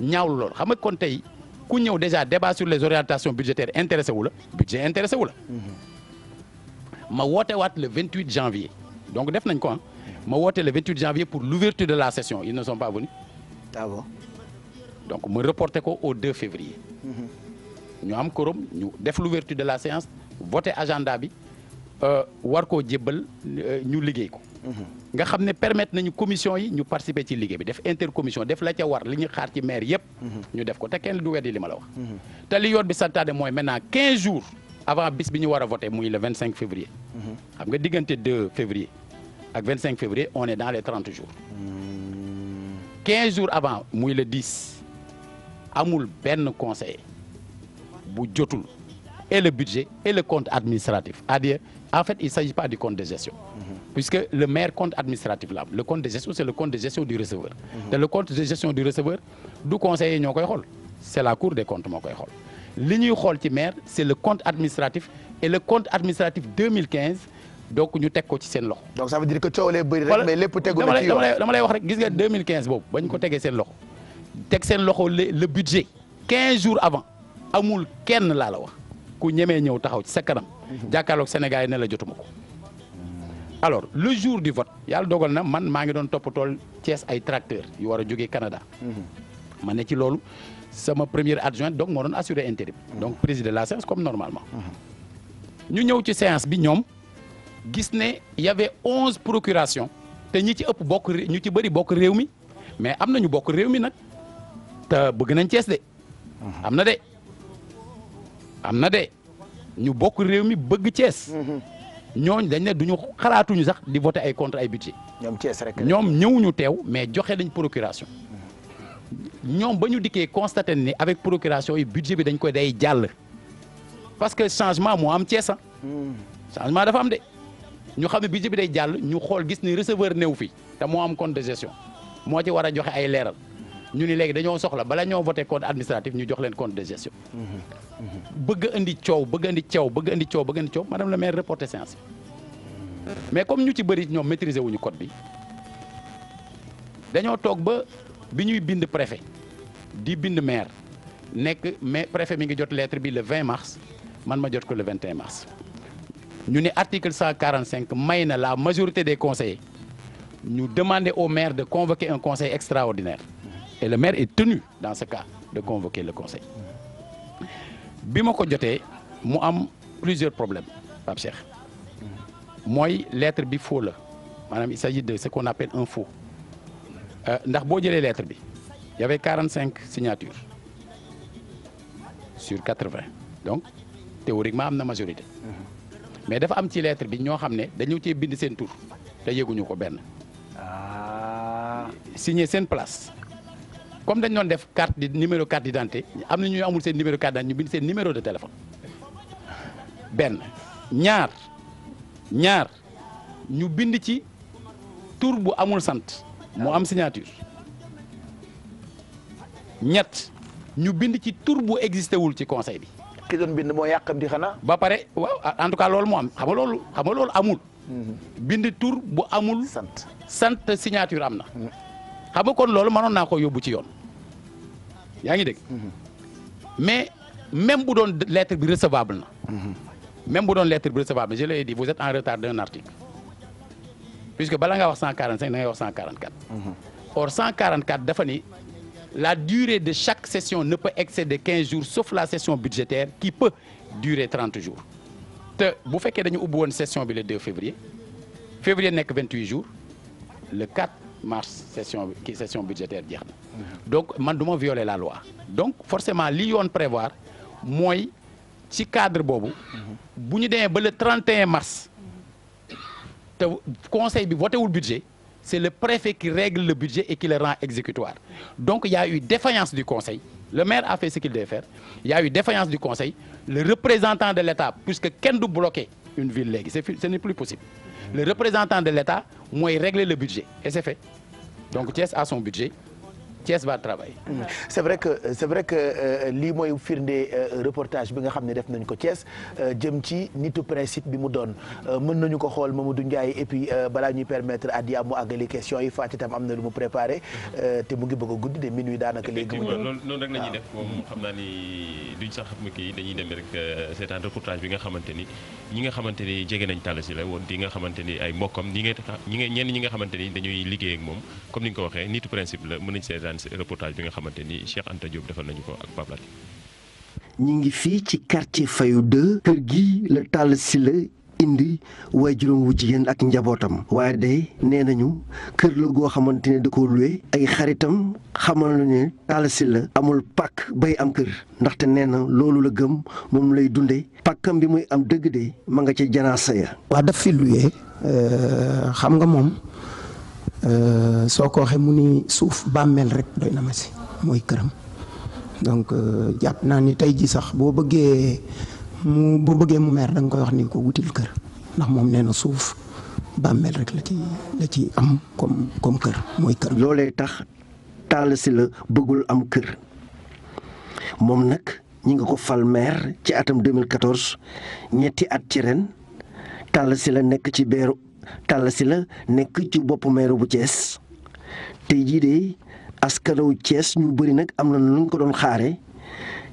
ñaawlu lool xam nga kon tey ku ñëw déjà débat sur les orientations budgétaires intéressé wu la budget intéressé wula la mm-hmm. ma woote waat le 28 janvier donc def nañ ko ah. ma woote le 28 janvier pour l'ouverture de la session ils ne sont pas venus ah donc ma reporté ko au 2 février mm-hmm. ñu am quorum ñu def l'ouverture de la séance voté agenda bi euh, war koo jébbal euh, ñu liggéey ko nga xam ne permettre nañu commission yi ñu participer ci liggéey bi def intercommission def la ca war li ñu xaar ci maire yëpp. ñu def ko te kenn du weddi li ma la wax. te li yoon bi santaane mooy maintenant 15 jours avant bis bi ñu war a muy le 25 février. xam nga diggante 2 février ak février on est dans les 30 jours. 15 jours avant muy le 10 amul benn conseil bu jotul. et le budget et le compte administratif c'est-à-dire en fait il s'agit pas du compte puisque le maire compte administratif la am le compte de gestion c'est le compte de gestion du receveur. Mhm. te le compte de gestion du receveur du conseiller ñoo koy xool c'est la cour des comptes moo koy xool. li ñuy xool ci maire c'est le compte administratif et le compte administratif donc ñu teg ko ci seen loxo. donc ça veut dire que coow lay bëri rek mais lépp tegu na ci yoon dama lay wax rek gis nga 2015 boobu ko tegee seen loxo teg seen loxo le budget 15 la wax ku ñemee ñëw taxaw ci sa kanam. Mhm. jàkkaarloog Sénégal yi ne la jotuma ko. alors le jour du vote yàlla dogal na man maa ngi doon topp tool Thiès ay tracteur yu war a jógee Canada. Mhm. ma ne ci loolu sama premier adjoint donc moo doon assuré intérim. Mhm. donc présider la séance comme normalement. Mhm. ñu ñëw ci séance bi ñoom gis ne y avait onze procurations te ñi ci ëpp bokk ñu ci bëri bokk réew mi mais am na ñu bokk réew mi nag te bëgg nañ cees de. am na de am na de ñu bokk réew mi bëgg Thiès. ñooñu dañ ne duñu xalaatuñu sax di voter ay contre ay budget ñoom Thiès rek ñoom ñëwuñu teew mais joxe dañ procuration ñoom ba ñu dikkee constaté ni avec procuration yi budget bi dañ koy day jàll parce que changement moo am Thiès ah. hmm. changement dafa am de ñu xam ne budget bi day jàll ñu xool gis ni receveur néew fi te moo am compte de gestion moo ci war a joxe ay leeral ñu ni léegi dañoo soxla bala ñoo voté compte administratif ñu jox leen compte de gestion hmm. bëgg indi coow bëgg indi coow bëgg indi coow bëgg indi coow madame le maire reporté séance mais comme ñu ci bëri ñoom maîtriser wuñu code bi dañoo toog ba bi ñuy bind préfet di bind maire nekk mais préfet mi ngi jot lettre bi le 20 mars man ma jot ko le 21 mars ñu ne article 145 may na la majorité des conseillers ñu demander au maire de convoquer un conseil extraordinaire et le maire est tenu dans ce cas de convoquer le conseil bi ma ko jotee mu am plusieurs problèmes Pape Cheikh mooy lettre bi faux la maanaam il s'agit de ce qu'on un faux euh, ndax boo jëlee lettre bi y avait 45 signatures sur 80 donc théoriquement am na majorité mais dafa am ci lettre bi ñoo xam ne dañoo cee bind seen tur te yëguñu ko benn ah. signé seen place comme dañ doon def carte di numéro carte d'identité am na ñu amul seen numéro carte seen numéro de téléphone benn ñaar ñaar ñu bind ci tur bu amul sant mu am signature ñett ñu bind ci tur bu existé wul ci conseil bi. ki doon bind moo yàqamti xanaa. ba pare waaw en tout cas loolu moo am xam nga loolu xam nga loolu amul. Mhm. bind tur bu amul. sant sant signature am na. Mhm. xam nga kon loolu mënoon naa ko yóbbu ci yoon yaa ngi dégg. Mhm. mais même bu doon lettre bi recevable na. Mhm. même bu doon lettre bi recevable na je l'ai dit vous êtes en retard d'un article puisque bala ngaa wax 145 da ngay wax 144. Mhm. or 144 dafa ni la durée de chaque session ne peut excéder 15 jours sauf la session budgétaire qui peut durer 30 jours te bu fekkee dañu ubbi woon session bi le 2 février février nekk 28 jours. le 4 mars session ki session budgétaire jeex na donc man du ma viole la loi donc forcément li yoon prévoir mooy ci cadre boobu bu ñu demee ba le 31 mars te conseil bi voté wul budget c'est le préfet qui règle le budget et qui le rend exécutoire donc il y a eu défaillance du conseil le maire a fait ce qu'il devait faire il y a eu défaillance du conseil le représentant de l'État puisque kenn du bloquer une ville léegi c'est ce n'est plus possible le représentant de l'État mooy régler le budget et c'est fait donc Thiès a son budget Thiès va travailler. c' est vrai que c' est vrai que euh, lii mooy firnde euh, reportage bi nga xam ne def nañ ko Thiès euh, jëm ci nitu principe bi mu doon mën nañu ko xool Mamadou Ndiaye et puis balaa ñuy permettre Adia mu àggali question yi Fatou itam am na lu mu préparé te mu ngi bëgg a guddi de minuit daanaka léegi. mu doon moom xam naa ni duñ sax xam kii dañuy dem rek seetaan reportage bi nga xamante ñi nga xamante jege nañ Talla Sylla woon di nga xamante ay mbokkam seetaan si bi nga xamante ni Cheikh Anta Diop defal nañu ko ak Pape Latif ñi ngi fii ci quartier Fayu dë kër gi la si la indi waaye juróom wu jigéen ak njabootam waaye de nee nañu kër la goo xamante ne da ko luwe ay xaritam xamal na ne Talla Sylla la amul pàkk bay am kër ndaxte nee na loolu la gëm moom lay dunde pàkkam bi muy am dëgg de ma nga ca janaasa ya waa daf fi luwe euh, xam nga moom Euh, soo ko waxee mu ni suuf bàmmeel rek doy na ma si mooy këram donc euh, jàpp naa ni tey ji sax boo bëggee mu boo bëggee mu meer da koy wax ni ko wutil kër ndax moom nee na suuf bàmmeel rek la ci la ci am comme comme kër mooy kër. loolee tax Talla la bëggul am kër moom nag ñu ngi ko fal meer ci atam 2014 ñetti at ci ren Talla la nekk ci beeru. si la nekk ci bopp meeru bu cees tey jii de askanawu cees ñu bari nag am na lu ñu ko doon xaare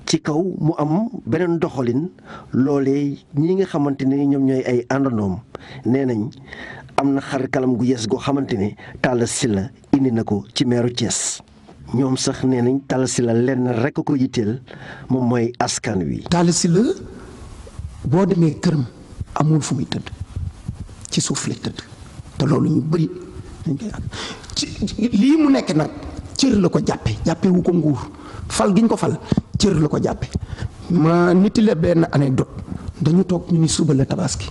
ci kaw mu am beneen doxalin loolee ñi nga xamante ne ñoom ñooy ay àndandoom nee nañ am na xar kalam gu yees goo xamante ne si la indi na ko ci meeru Thiès. ñoom sax nee nañ tàll si la lenn rek ko yitteel moom mooy askan wi. tàll si la boo demee këram amul fu muy tëdd. ci suuf la tëdd te loolu ñu bëri dañ lii mu nekk nag cër la ko jàppe jàppe ko nguur fal gi ñu ko fal cër la ko jàppe ma niti la benn anecdote dañu toog ñu ni suba la tabaski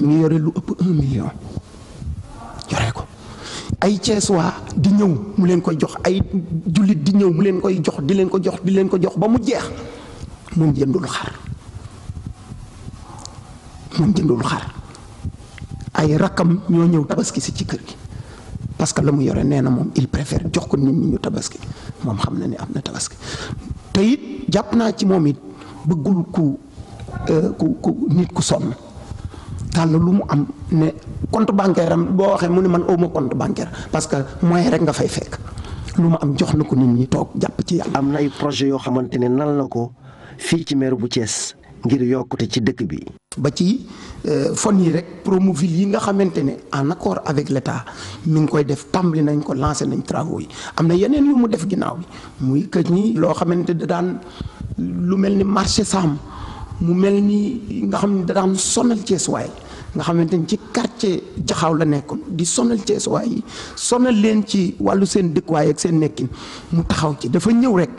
mu ngi yore lu ëpp un million yore ko ay Cees waa di ñëw mu leen koy jox ay jullit di ñëw mu leen koy jox di leen ko jox di leen ko jox ba mu jeex moom jëndul xar moom jëndul xar ay rakkam ñoo ñëw tabaski si ci kër gi parce que la mu yore nee na moom il préfère jox ko nit ñu tabaski moom xam na ne am na tabaski te it jàpp naa ci moom it bëggul ku euh, ku ku nit ku lu mu am ne conte bancaire am boo waxee mu ne man awma compte bancaire parce que moyen rek nga fay fekk lu mu am jox na ko nit ñi toog jàpp ci yàlla. am na ay projet yoo xamante ne nan la ko fii ci maire bu Thiès. ngir yokkute ci dëkk bi. ba ci euh, fon yi rek Promoville yi nga xamante ne en accord avec l'État mi ngi koy def tàmbali nañ ko lancé nañ travaux yi am na yeneen lu mu def ginnaaw bi muy que ñi loo xamante da daan lu mel ni marché Sam mu mel ni nga xam ni da daan sonal Cees waaye nga xamante ni ci quartier jaxaaw la nekkoon di sonal Cees waaye yi sonal leen ci wàllu seen dëkkuwaay ak seen nekkin mu taxaw ci dafa ñëw rek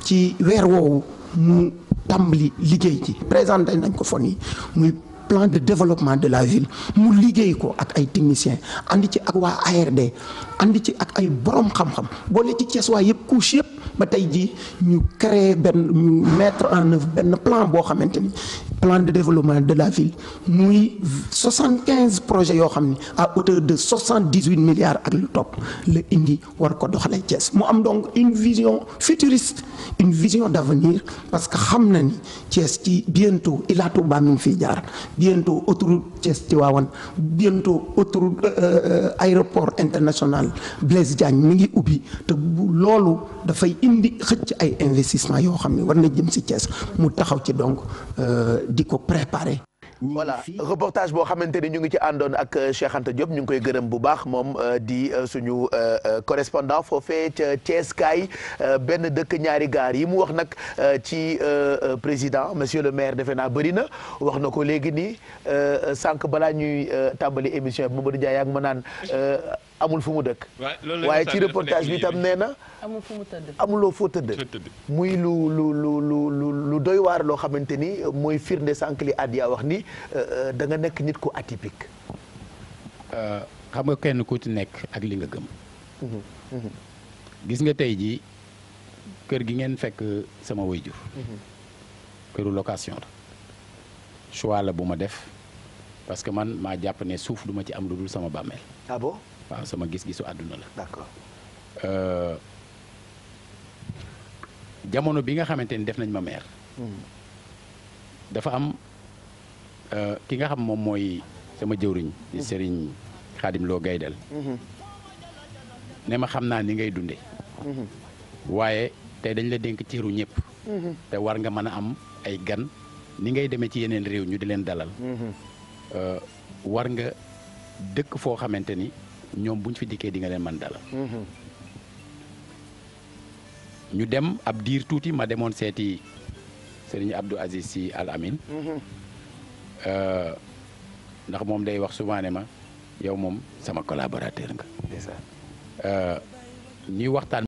ci weer woowu mu. tàmbali liggéey ci présenté nañ ko fon yi muy plan de développement de la ville mu liggéey ko ak ay techniciens andi ci ak waa ARD andi ci ak ay borom xam-xam boole ci Cees waa yëpp couche yëpp ba tey ji ñu créer benn ñu mettre en œuvre benn plan boo xamante ni plan de développement de la ville muy soixante quinze projets yoo xam ne à hauteur de soixante dix huit milliards ak lu topp la indi war ko doxalee cees mu am donc une vision futuriste une vision d' avenir parce que xam na ni Thiès ci bientôt Ila Touba mi ngi fiy jaar bientôt autoroute Thiès Tivaouane bientôt autoroute euh, euh, aéroport international Blaise Diagne mi ngi ubbi te loolu dafay indi xëcc ay investissement yoo xam ne war na jëm si Thiès mu taxaw ci donc. Euh, di ko préparer. voilà reportage boo xamante ni ñu ngi ci àndoon ak euh, Cheikh Anta ñu ngi koy gërëm bu baax moom euh, di euh, suñu correspondant foofee ca Thiès benn dëkk ñaari gaar yi mu wax nag ci président monsieur le maire defe naa bëri na wax na ko léegi nii sànq balaa ñuy tàmbali émission bi Mamadou Ndiaye ak ma naan amul fu mu dëkk. waaye ci reportage bi tam nee na. amul fu amuloo foo tëdd. muy lu lu lu lu lu doy waar loo xamante ni mooy firnde sànq li Adia wax nii euh, euh, da nga nekk nit ku atypique. Euh, xam nga kenn ku ci nekk ak li nga gëm. Mhm, mhm. gis nga tey ji kër gi ngeen fekk sama waajur. Mhm. këru location la. choix la bu ma def parce que man maa jàpp ne suuf du ma ci am lu dul sama bàmmeel. Ah waaw sama gis-gisu àdduna la. Euh, jamono bi nga xamante ni def nañ ma maire. Hmm. dafa am euh, ki nga xam moom mooy sama jëwriñ. sëriñ hmm. Serigne Khadim Lo hmm. ne ma xam naa ni ngay dunde waaye tey dañ la dénk ciiru ñëpp. te war nga mën a am ay gan ni ngay demee ci yeneen réew ñu di leen dalal. Euh, war nga dëkk foo xamante ni. ñoom bu ñu fi dikkee di nga leen mën dala mhm. ñu dem ab diir tuuti ma demoon seeti sëriñ Abdou Aziz si alamine mhm. euh, ndax moom day wax souvent ma yow moom sama collaborateur nga euh, ñuy waxtaan